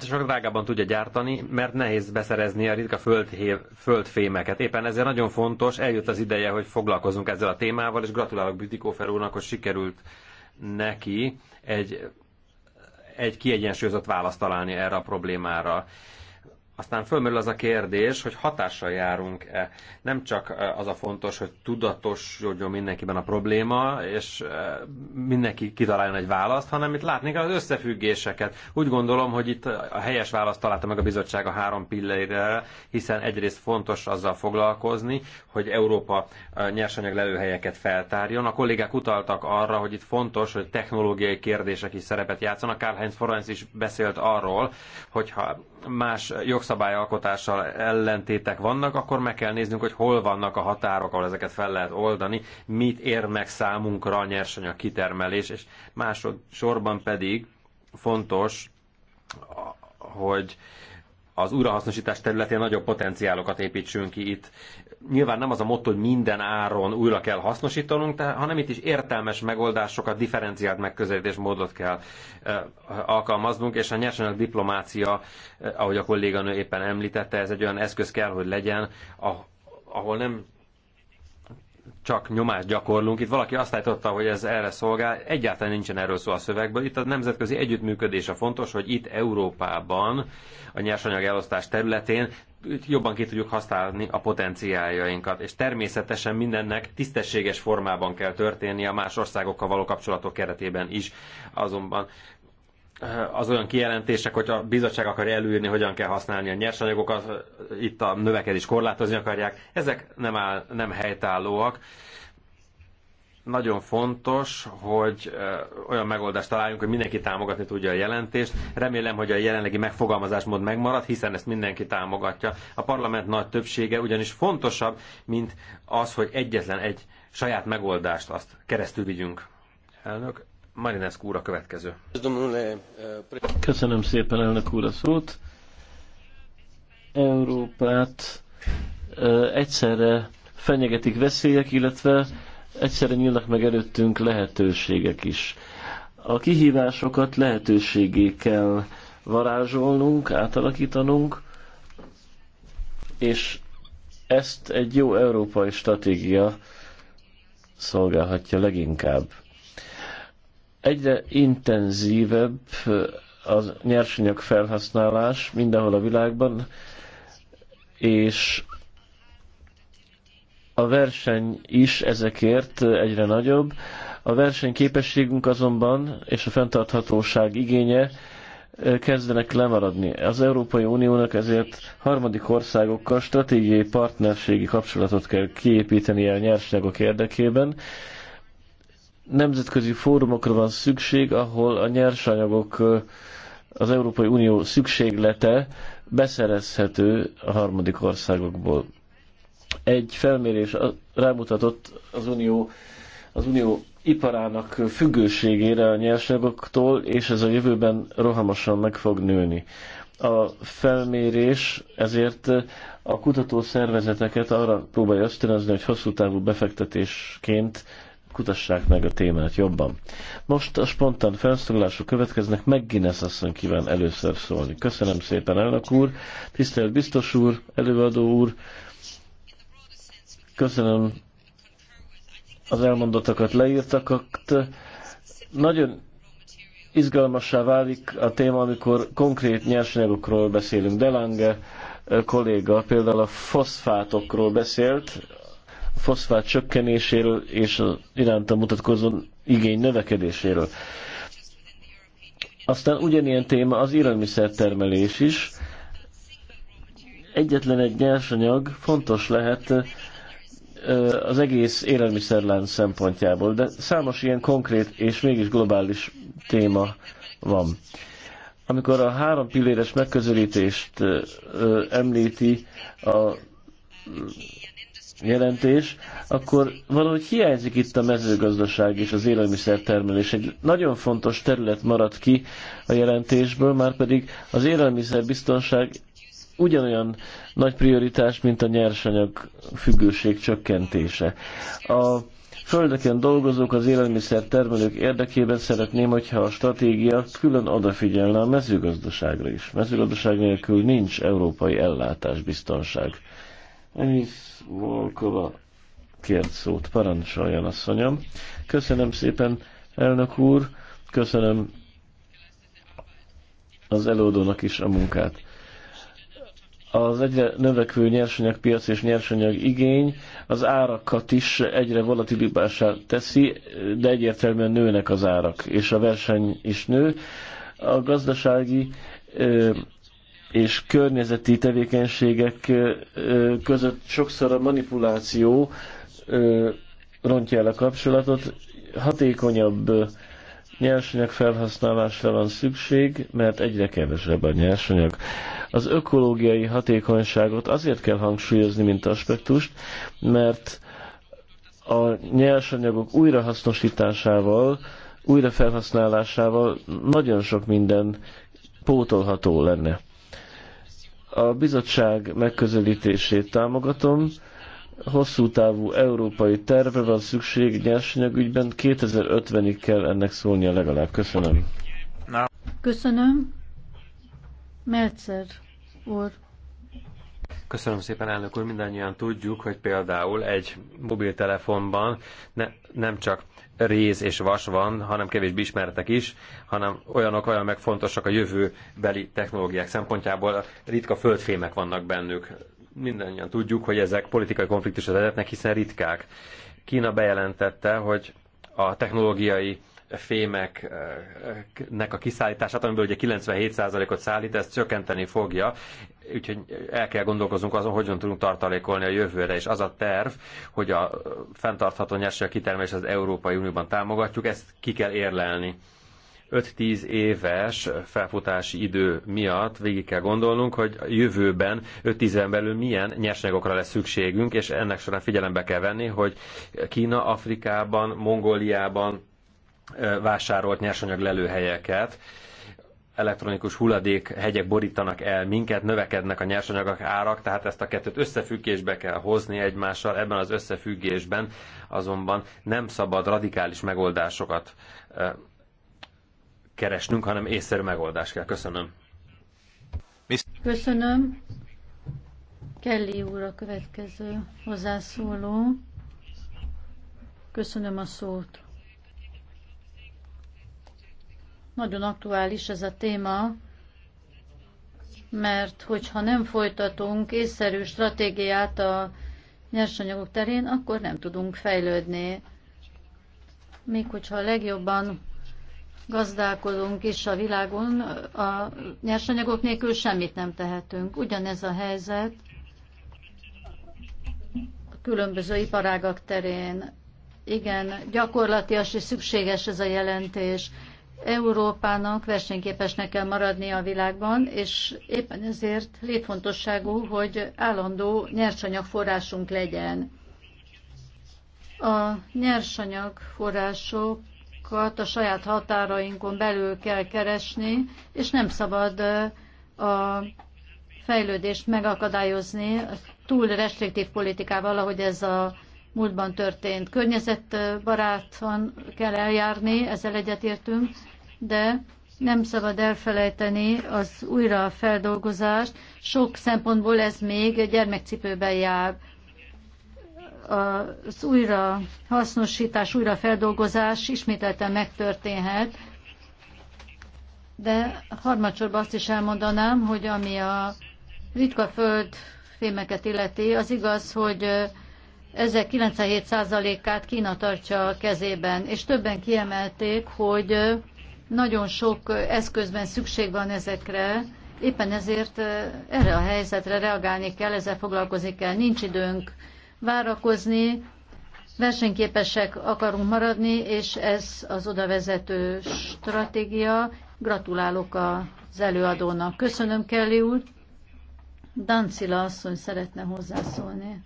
csak drágában tudja gyártani, mert nehéz beszerezni a ritka földhé, földfémeket. Éppen ezért nagyon fontos, eljött az ideje, hogy foglalkozunk ezzel a témával, és gratulálok Bütikófer úrnak, hogy sikerült neki egy, egy kiegyensúlyozott választ találni erre a problémára. Aztán fölmerül az a kérdés, hogy hatással járunk-e. Nem csak e, az a fontos, hogy tudatosodjon mindenkiben a probléma, és e, mindenki kitaláljon egy választ, hanem itt látni kell az összefüggéseket. Úgy gondolom, hogy itt a helyes választ találta meg a bizottság a három pillére, hiszen egyrészt fontos azzal foglalkozni, hogy Európa e, nyersanyag lelőhelyeket feltárjon. A kollégák utaltak arra, hogy itt fontos, hogy technológiai kérdések is szerepet játszanak. Karl-Heinz Forens is beszélt arról, hogyha más jogszabályalkotással ellentétek vannak, akkor meg kell néznünk, hogy hol vannak a határok, ahol ezeket fel lehet oldani, mit ér meg számunkra a nyersanyag kitermelés, és másodszorban pedig fontos, hogy az újrahasznosítás területén nagyobb potenciálokat építsünk ki itt nyilván nem az a motto, hogy minden áron újra kell hasznosítanunk, hanem itt is értelmes megoldásokat, differenciált megközelítésmódot kell alkalmaznunk, és a nyersanyag diplomácia, ahogy a kolléganő éppen említette, ez egy olyan eszköz kell, hogy legyen, ahol nem csak nyomást gyakorlunk. Itt valaki azt állította, hogy ez erre szolgál. Egyáltalán nincsen erről szó a szövegből. Itt a nemzetközi együttműködés a fontos, hogy itt Európában a nyersanyag elosztás területén jobban ki tudjuk használni a potenciáljainkat. És természetesen mindennek tisztességes formában kell történnie a más országokkal való kapcsolatok keretében is. Azonban eh, az olyan kijelentések, hogy a bizottság akarja előírni, hogyan kell használni a nyersanyagokat, itt a növekedés korlátozni akarják, ezek nem, áll, nem helytállóak nagyon fontos, hogy olyan megoldást találjunk, hogy mindenki támogatni tudja a jelentést. Remélem, hogy a jelenlegi megfogalmazásmód megmarad, hiszen ezt mindenki támogatja. A parlament nagy többsége ugyanis fontosabb, mint az, hogy egyetlen egy saját megoldást azt keresztül vigyünk. Elnök, Marinescu úr a következő. Köszönöm szépen, elnök úr, a szót. Európát egyszerre fenyegetik veszélyek, illetve egyszerre nyílnak meg előttünk lehetőségek is. A kihívásokat lehetőségé kell varázsolnunk, átalakítanunk, és ezt egy jó európai stratégia szolgálhatja leginkább. Egyre intenzívebb a nyersanyag felhasználás mindenhol a világban, és a verseny is ezekért egyre nagyobb. A versenyképességünk azonban és a fenntarthatóság igénye kezdenek lemaradni. Az Európai Uniónak ezért harmadik országokkal stratégiai partnerségi kapcsolatot kell kiépítenie a nyersanyagok érdekében. Nemzetközi fórumokra van szükség, ahol a nyersanyagok az Európai Unió szükséglete beszerezhető a harmadik országokból. Egy felmérés rámutatott az Unió, az Unió iparának függőségére a nyersanyagoktól, és ez a jövőben rohamosan meg fog nőni. A felmérés ezért a kutató szervezeteket arra próbálja ösztönözni, hogy hosszú távú befektetésként kutassák meg a témát jobban. Most a spontán felszólalások következnek, meg Guinness asszony kíván először szólni. Köszönöm szépen, elnök úr, tisztelt biztos úr, előadó úr, Köszönöm az elmondottakat, leírtak. Nagyon izgalmassá válik a téma, amikor konkrét nyersanyagokról beszélünk. Delange eh, kolléga például a foszfátokról beszélt, a foszfát csökkenéséről és az iránta mutatkozó igény növekedéséről. Aztán ugyanilyen téma az élelmiszertermelés is. Egyetlen egy nyersanyag fontos lehet eh, az egész élelmiszerlánc szempontjából, de számos ilyen konkrét és mégis globális téma van. Amikor a három pilléres megközelítést említi a jelentés, akkor valahogy hiányzik itt a mezőgazdaság és az élelmiszertermelés. Egy nagyon fontos terület maradt ki a jelentésből, már pedig az élelmiszerbiztonság ugyanolyan nagy prioritás, mint a nyersanyag függőség csökkentése. A földeken dolgozók, az élelmiszer termelők érdekében szeretném, hogyha a stratégia külön odafigyelne a mezőgazdaságra is. Mezőgazdaság nélkül nincs európai ellátásbiztonság. Emis Volkova kért szót, parancsoljon asszonyom. Köszönöm szépen, elnök úr, köszönöm az előadónak is a munkát az egyre növekvő nyersanyagpiac és nyersanyag igény az árakat is egyre volatilibásá teszi, de egyértelműen nőnek az árak, és a verseny is nő. A gazdasági és környezeti tevékenységek között sokszor a manipuláció rontja el a kapcsolatot, hatékonyabb nyersanyag felhasználásra van szükség, mert egyre kevesebb a nyersanyag. Az ökológiai hatékonyságot azért kell hangsúlyozni, mint aspektust, mert a nyersanyagok újrahasznosításával, újrafelhasználásával nagyon sok minden pótolható lenne. A bizottság megközelítését támogatom, hosszú távú európai terve van szükség nyersanyagügyben, 2050-ig kell ennek szólnia legalább. Köszönöm. Köszönöm. Meltzer úr. Köszönöm szépen, elnök úr. Mindannyian tudjuk, hogy például egy mobiltelefonban ne, nem csak réz és vas van, hanem kevés ismeretek is, hanem olyanok, olyan meg fontosak a jövőbeli technológiák szempontjából, ritka földfémek vannak bennük. Mindannyian tudjuk, hogy ezek politikai konfliktusot eredetnek hiszen ritkák. Kína bejelentette, hogy a technológiai fémeknek eh, a kiszállítását, amiből ugye 97%-ot szállít, ez csökkenteni fogja, úgyhogy el kell gondolkozunk azon, hogyan tudunk tartalékolni a jövőre, és az a terv, hogy a fenntartható nyersanyag kitermelés az Európai Unióban támogatjuk, ezt ki kell érlelni. 5-10 éves felfutási idő miatt végig kell gondolnunk, hogy a jövőben 5-10 éven belül milyen nyersanyagokra lesz szükségünk, és ennek során figyelembe kell venni, hogy Kína, Afrikában, Mongóliában, vásárolt nyersanyag lelőhelyeket, elektronikus hulladék hegyek borítanak el minket, növekednek a nyersanyagok árak, tehát ezt a kettőt összefüggésbe kell hozni egymással, ebben az összefüggésben azonban nem szabad radikális megoldásokat keresnünk, hanem észszerű megoldást kell. Köszönöm. Köszönöm. Kelly úr a következő hozzászóló. Köszönöm a szót. Nagyon aktuális ez a téma, mert hogyha nem folytatunk észszerű stratégiát a nyersanyagok terén, akkor nem tudunk fejlődni. Még hogyha legjobban gazdálkodunk is a világon, a nyersanyagok nélkül semmit nem tehetünk. Ugyanez a helyzet a különböző iparágak terén. Igen, gyakorlatias és szükséges ez a jelentés. Európának versenyképesnek kell maradni a világban, és éppen ezért létfontosságú, hogy állandó nyersanyagforrásunk legyen. A nyersanyagforrásokat a saját határainkon belül kell keresni, és nem szabad uh, a fejlődést megakadályozni túl restriktív politikával, ahogy ez a múltban történt. Környezetbarátan kell eljárni, ezzel egyetértünk, de nem szabad elfelejteni az újrafeldolgozást. Sok szempontból ez még gyermekcipőben jár. Az újra hasznosítás, újrafeldolgozás ismételten megtörténhet, de harmadsorban azt is elmondanám, hogy ami a ritka földfémeket illeti, az igaz, hogy ezek 97%-át Kína tartsa a kezében, és többen kiemelték, hogy nagyon sok eszközben szükség van ezekre, éppen ezért erre a helyzetre reagálni kell, ezzel foglalkozni kell. Nincs időnk várakozni, versenyképesek akarunk maradni, és ez az oda vezető stratégia. Gratulálok az előadónak. Köszönöm, Kelly úr. Dancila asszony szeretne hozzászólni.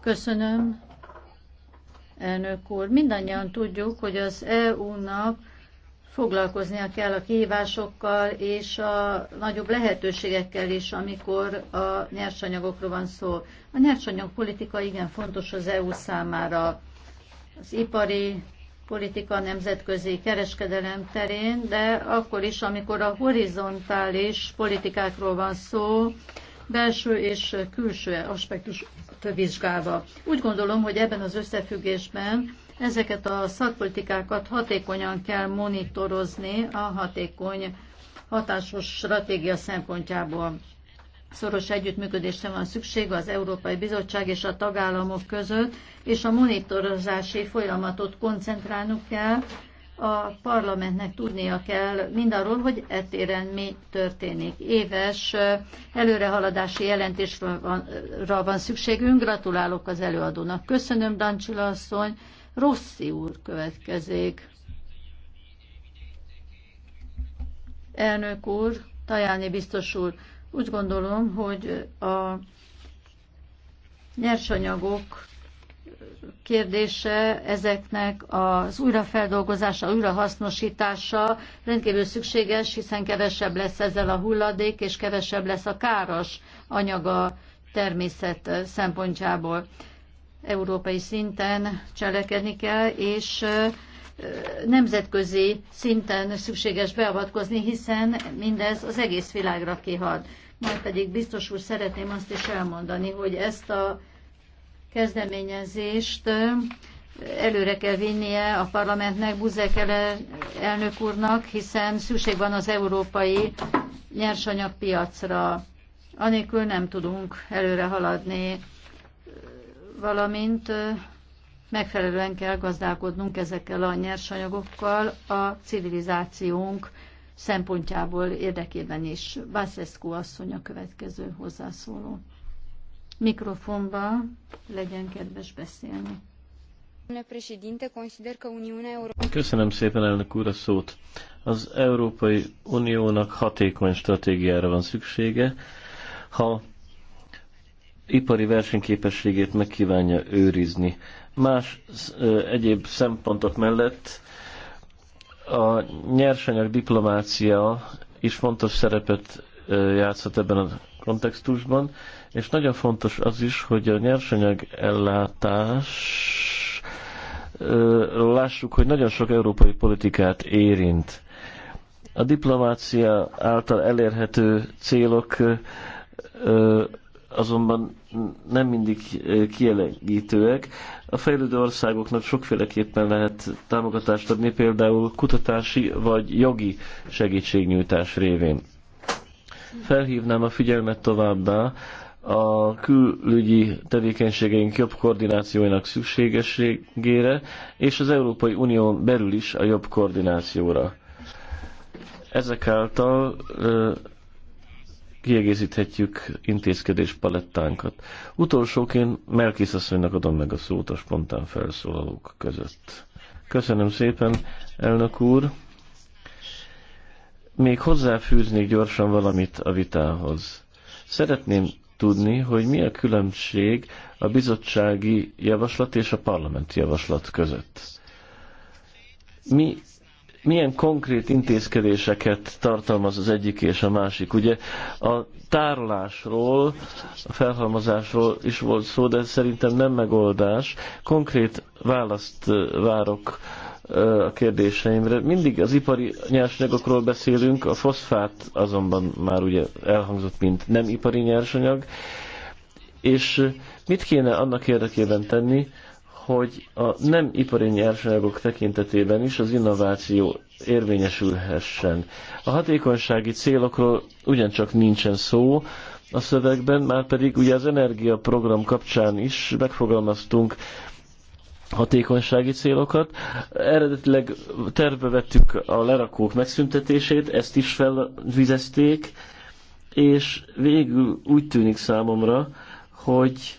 Köszönöm, elnök úr. Mindannyian tudjuk, hogy az EU-nak foglalkoznia kell a kihívásokkal és a nagyobb lehetőségekkel is, amikor a nyersanyagokról van szó. A nyersanyagpolitika igen fontos az EU számára. Az ipari politika nemzetközi kereskedelem terén, de akkor is, amikor a horizontális politikákról van szó, belső és külső aspektus átvizsgálva. Úgy gondolom, hogy ebben az összefüggésben ezeket a szakpolitikákat hatékonyan kell monitorozni a hatékony hatásos stratégia szempontjából. Szoros együttműködésre van szükség az Európai Bizottság és a tagállamok között, és a monitorozási folyamatot koncentrálnunk kell, a parlamentnek tudnia kell mindarról, hogy ettéren mi történik. Éves előrehaladási jelentésre van szükségünk. Gratulálok az előadónak. Köszönöm, Dancsila asszony. Rossi úr következik. Elnök úr, Tajáni biztos úr, úgy gondolom, hogy a nyersanyagok kérdése, ezeknek az újrafeldolgozása, újrahasznosítása rendkívül szükséges, hiszen kevesebb lesz ezzel a hulladék, és kevesebb lesz a káros anyaga természet szempontjából. Európai szinten cselekedni kell, és nemzetközi szinten szükséges beavatkozni, hiszen mindez az egész világra kihad. Majd pedig biztos úr szeretném azt is elmondani, hogy ezt a kezdeményezést előre kell vinnie a parlamentnek, Buzek elnök úrnak, hiszen szükség van az európai nyersanyagpiacra. Anélkül nem tudunk előre haladni, valamint megfelelően kell gazdálkodnunk ezekkel a nyersanyagokkal a civilizációnk szempontjából érdekében is. Vászeszkó asszony a következő hozzászóló mikrofonba legyen kedves beszélni. Köszönöm szépen, elnök úr, a szót. Az Európai Uniónak hatékony stratégiára van szüksége. Ha ipari versenyképességét meg kívánja őrizni. Más egyéb szempontok mellett a nyersanyag diplomácia is fontos szerepet játszhat ebben a kontextusban és nagyon fontos az is, hogy a nyersanyag ellátás lássuk, hogy nagyon sok európai politikát érint. A diplomácia által elérhető célok azonban nem mindig kielegítőek. A fejlődő országoknak sokféleképpen lehet támogatást adni, például kutatási vagy jogi segítségnyújtás révén. Felhívnám a figyelmet továbbá a külügyi tevékenységeink jobb koordinációjának szükségességére, és az Európai Unión belül is a jobb koordinációra. Ezek által ö, kiegészíthetjük intézkedés palettánkat. Utolsóként Melkis asszonynak adom meg a szót a spontán felszólalók között. Köszönöm szépen, elnök úr! Még hozzáfűznék gyorsan valamit a vitához. Szeretném tudni, hogy mi a különbség a bizottsági javaslat és a parlamenti javaslat között. Mi, milyen konkrét intézkedéseket tartalmaz az egyik és a másik? Ugye a tárolásról, a felhalmozásról is volt szó, de szerintem nem megoldás. Konkrét választ eh, várok a kérdéseimre. Mindig az ipari nyersanyagokról beszélünk, a foszfát azonban már ugye elhangzott, mint nem ipari nyersanyag. És mit kéne annak érdekében tenni, hogy a nem ipari nyersanyagok tekintetében is az innováció érvényesülhessen. A hatékonysági célokról ugyancsak nincsen szó a szövegben, már pedig ugye az energiaprogram kapcsán is megfogalmaztunk hatékonysági célokat. Eredetileg tervbe vettük a lerakók megszüntetését, ezt is felvizezték, és végül úgy tűnik számomra, hogy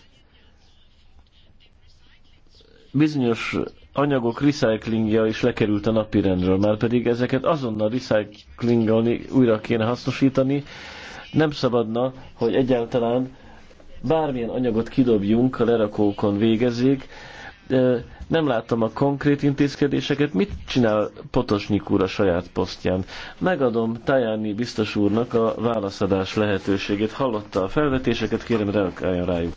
bizonyos anyagok recyclingja is lekerült a napirendről, már pedig ezeket azonnal recyclingolni, újra kéne hasznosítani. Nem szabadna, hogy egyáltalán bármilyen anyagot kidobjunk, a lerakókon végezzék, nem láttam a konkrét intézkedéseket. Mit csinál Potosnyik úr a saját posztján? Megadom Tajáni biztos úrnak a válaszadás lehetőségét. Hallotta a felvetéseket, kérem reagáljon rájuk.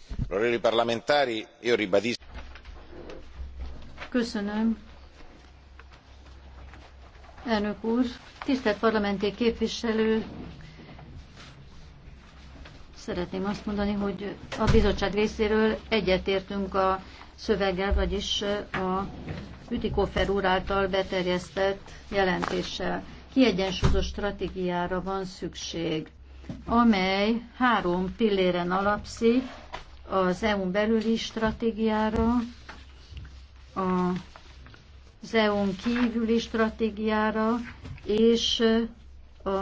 Köszönöm. Elnök úr, tisztelt parlamenti képviselő, szeretném azt mondani, hogy a bizottság részéről egyetértünk a szöveggel, vagyis a Bütikofer úr által beterjesztett jelentéssel. Kiegyensúlyos stratégiára van szükség, amely három pilléren alapszik, az EU-n belüli stratégiára, az EU-n kívüli stratégiára és a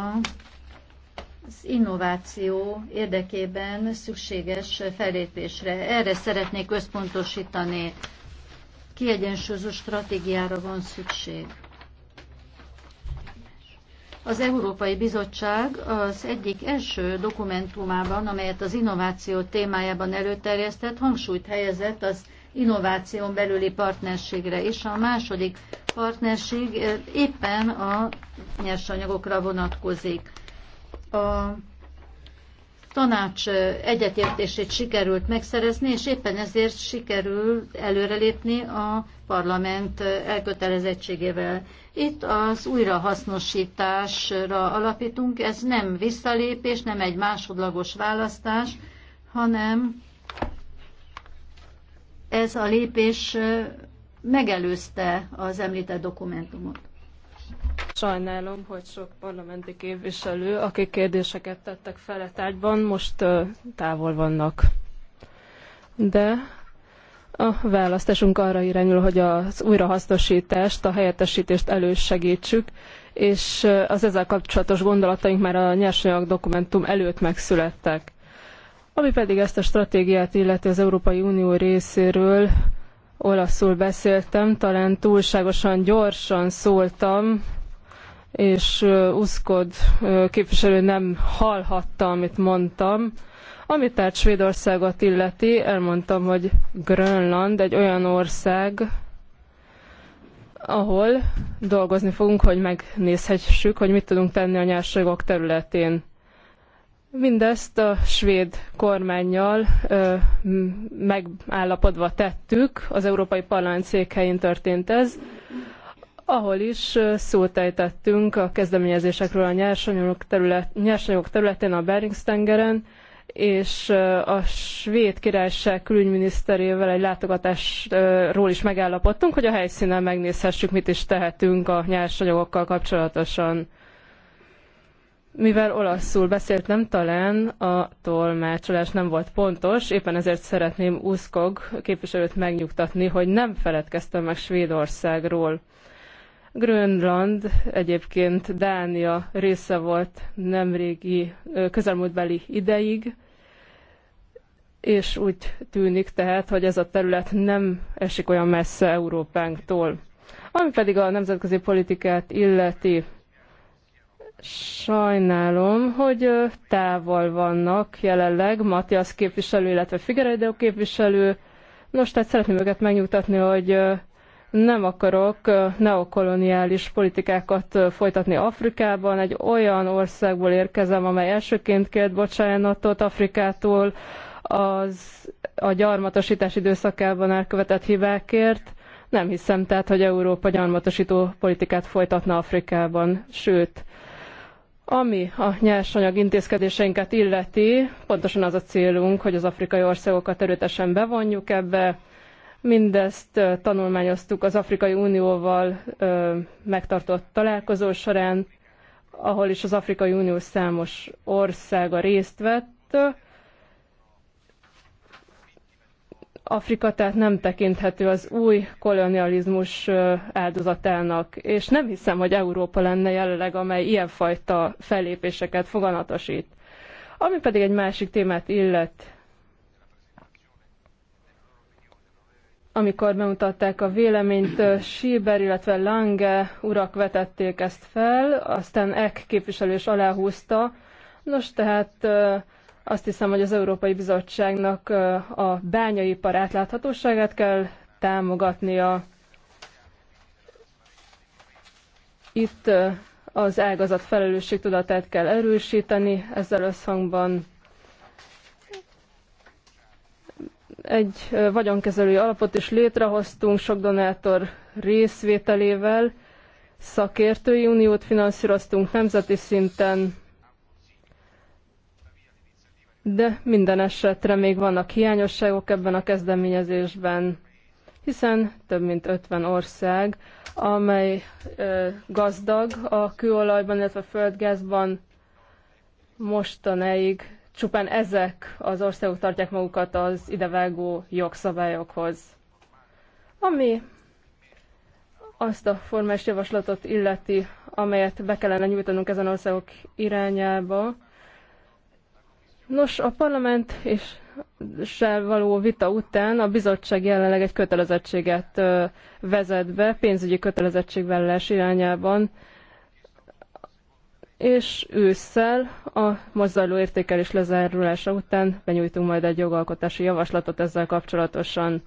az innováció érdekében szükséges felépésre. Erre szeretnék összpontosítani. Kiegyensúlyozó stratégiára van szükség. Az Európai Bizottság az egyik első dokumentumában, amelyet az innováció témájában előterjesztett, hangsúlyt helyezett az innováción belüli partnerségre, és a második partnerség éppen a nyersanyagokra vonatkozik a tanács egyetértését sikerült megszerezni, és éppen ezért sikerül előrelépni a parlament elkötelezettségével. Itt az újrahasznosításra alapítunk, ez nem visszalépés, nem egy másodlagos választás, hanem ez a lépés megelőzte az említett dokumentumot. Sajnálom, hogy sok parlamenti képviselő, akik kérdéseket tettek fel a tárgyban, most távol vannak. De a választásunk arra irányul, hogy az újrahasznosítást, a helyettesítést elősegítsük, és az ezzel kapcsolatos gondolataink már a nyersanyag dokumentum előtt megszülettek. Ami pedig ezt a stratégiát illeti az Európai Unió részéről, olaszul beszéltem, talán túlságosan gyorsan szóltam, és Uszkod képviselő nem hallhatta, amit mondtam. Ami tehát Svédországot illeti, elmondtam, hogy Grönland egy olyan ország, ahol dolgozni fogunk, hogy megnézhessük, hogy mit tudunk tenni a nyárságok területén. Mindezt a svéd kormányjal ö, megállapodva tettük, az Európai Parlament székhelyén történt ez, ahol is szót ejtettünk a kezdeményezésekről a nyersanyagok, terület, nyersanyagok területén, a Beringstengeren, és a svéd királyság külügyminiszterével egy látogatásról is megállapodtunk, hogy a helyszínen megnézhessük, mit is tehetünk a nyersanyagokkal kapcsolatosan. Mivel olaszul beszéltem, talán a tolmácsolás nem volt pontos, éppen ezért szeretném Uszkog képviselőt megnyugtatni, hogy nem feledkeztem meg Svédországról. Grönland egyébként Dánia része volt nemrégi közelmúltbeli ideig, és úgy tűnik tehát, hogy ez a terület nem esik olyan messze Európánktól. Ami pedig a nemzetközi politikát illeti, sajnálom, hogy távol vannak jelenleg Matthias képviselő, illetve Figueiredo képviselő. Nos, tehát szeretném őket megnyugtatni, hogy nem akarok neokoloniális politikákat folytatni Afrikában. Egy olyan országból érkezem, amely elsőként kért bocsánatot Afrikától az a gyarmatosítás időszakában elkövetett hibákért. Nem hiszem tehát, hogy Európa gyarmatosító politikát folytatna Afrikában, sőt, ami a nyersanyag intézkedéseinket illeti, pontosan az a célunk, hogy az afrikai országokat erőtesen bevonjuk ebbe, Mindezt tanulmányoztuk az Afrikai Unióval megtartott találkozó során, ahol is az Afrikai Unió számos országa részt vett. Afrika tehát nem tekinthető az új kolonializmus áldozatának, és nem hiszem, hogy Európa lenne jelenleg, amely ilyenfajta fellépéseket foganatosít. Ami pedig egy másik témát illet, amikor bemutatták a véleményt, Schieber, illetve Lange urak vetették ezt fel, aztán EK képviselő is aláhúzta. Nos, tehát azt hiszem, hogy az Európai Bizottságnak a bányaipar átláthatóságát kell támogatnia. Itt az ágazat felelősségtudatát kell erősíteni, ezzel összhangban Egy vagyonkezelői alapot is létrehoztunk sok donátor részvételével, szakértői uniót finanszíroztunk nemzeti szinten, de minden esetre még vannak hiányosságok ebben a kezdeményezésben, hiszen több mint 50 ország, amely ö, gazdag a kőolajban, illetve a földgázban mostanáig Csupán ezek az országok tartják magukat az idevágó jogszabályokhoz. Ami azt a formás javaslatot illeti, amelyet be kellene nyújtanunk ezen országok irányába. Nos, a parlament és se való vita után a bizottság jelenleg egy kötelezettséget vezet be, pénzügyi kötelezettségvállalás irányában és ősszel a mozzajló értékelés lezárulása után benyújtunk majd egy jogalkotási javaslatot ezzel kapcsolatosan.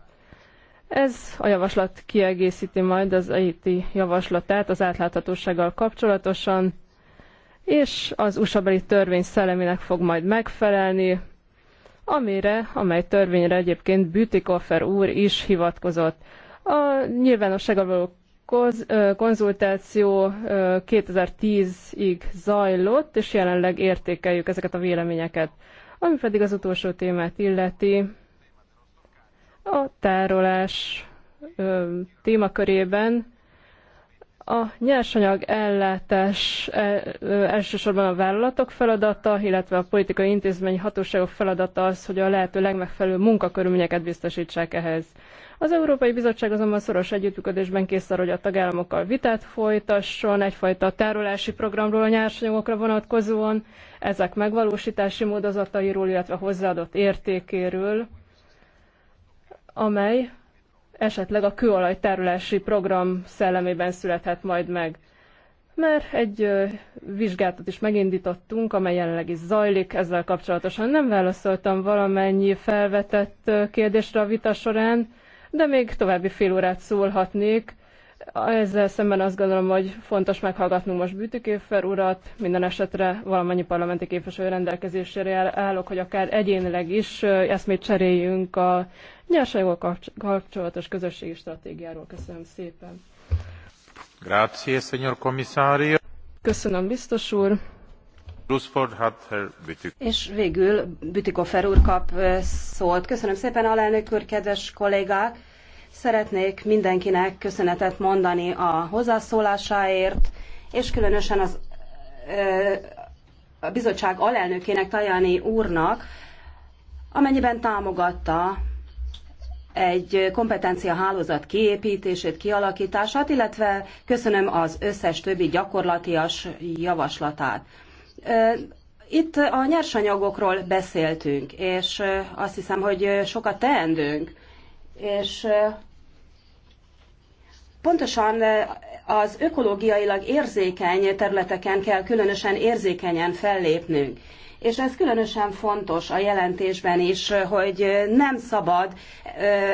Ez a javaslat kiegészíti majd az EIT javaslatát az átláthatósággal kapcsolatosan, és az USA-beli törvény szellemének fog majd megfelelni, amire, amely törvényre egyébként Bütikoffer úr is hivatkozott. A nyilvánossággal való konzultáció 2010-ig zajlott, és jelenleg értékeljük ezeket a véleményeket. Ami pedig az utolsó témát illeti, a tárolás témakörében a nyersanyag ellátás e, elsősorban a vállalatok feladata, illetve a politikai intézményi hatóságok feladata az, hogy a lehető legmegfelelőbb munkakörülményeket biztosítsák ehhez. Az Európai Bizottság azonban szoros együttműködésben kész arra, hogy a tagállamokkal vitát folytasson, egyfajta tárolási programról a nyersanyagokra vonatkozóan, ezek megvalósítási módozatairól, illetve hozzáadott értékéről, amely esetleg a kőolaj tárolási program szellemében születhet majd meg. Már egy vizsgátot is megindítottunk, amely jelenleg is zajlik, ezzel kapcsolatosan nem válaszoltam valamennyi felvetett kérdésre a vita során, de még további fél órát szólhatnék. Ezzel szemben azt gondolom, hogy fontos meghallgatnunk most Bütüképfer urat, minden esetre valamennyi parlamenti képviselő rendelkezésére állok, hogy akár egyénileg is eszmét cseréljünk a nyersanyagok kapcsolatos közösségi stratégiáról. Köszönöm szépen. Grazie, signor commissario. Köszönöm, biztos úr. És végül Bütikofer úr kap szólt. Köszönöm szépen, alelnök úr, kedves kollégák! Szeretnék mindenkinek köszönetet mondani a hozzászólásáért, és különösen az, a bizottság alelnökének, Tajani úrnak, amennyiben támogatta egy kompetenciahálózat kiépítését, kialakítását, illetve köszönöm az összes többi gyakorlatias javaslatát. Itt a nyersanyagokról beszéltünk, és azt hiszem, hogy sokat teendünk, és pontosan az ökológiailag érzékeny területeken kell különösen érzékenyen fellépnünk. És ez különösen fontos a jelentésben is, hogy nem szabad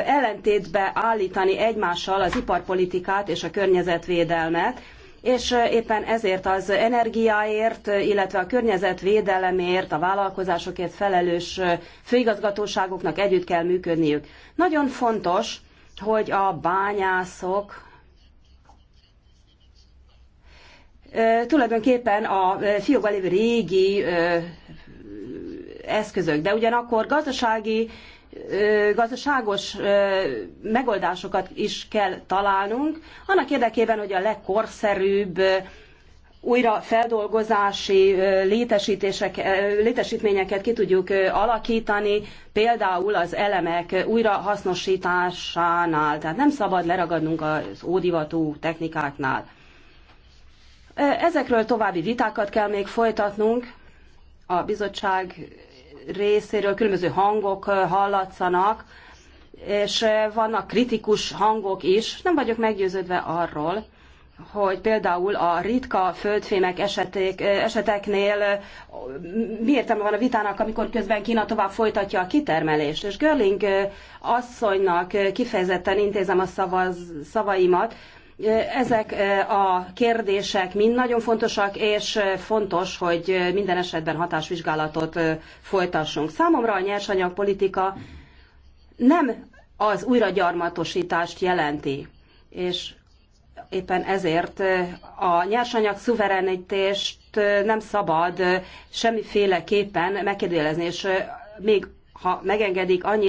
ellentétbe állítani egymással az iparpolitikát és a környezetvédelmet, és éppen ezért az energiáért, illetve a környezetvédelemért, a vállalkozásokért felelős főigazgatóságoknak együtt kell működniük. Nagyon fontos, hogy a bányászok tulajdonképpen a fiókban lévő régi eszközök, de ugyanakkor gazdasági gazdaságos megoldásokat is kell találnunk, annak érdekében, hogy a legkorszerűbb feldolgozási létesítések, létesítményeket ki tudjuk alakítani, például az elemek újrahasznosításánál, tehát nem szabad leragadnunk az ódivatú technikáknál. Ezekről további vitákat kell még folytatnunk. A bizottság részéről különböző hangok hallatszanak, és vannak kritikus hangok is. Nem vagyok meggyőződve arról, hogy például a ritka földfémek eseték, eseteknél mi értelme van a vitának, amikor közben Kína tovább folytatja a kitermelést. És Görling asszonynak kifejezetten intézem a szavaz, szavaimat, ezek e, a kérdések mind nagyon fontosak, és e, fontos, hogy e, minden esetben hatásvizsgálatot folytassunk. Számomra a nyersanyagpolitika nem az újragyarmatosítást jelenti, és éppen ezért a nyersanyag szuverenitást nem szabad semmiféleképpen megkérdőjelezni, és még ha megengedik, annyit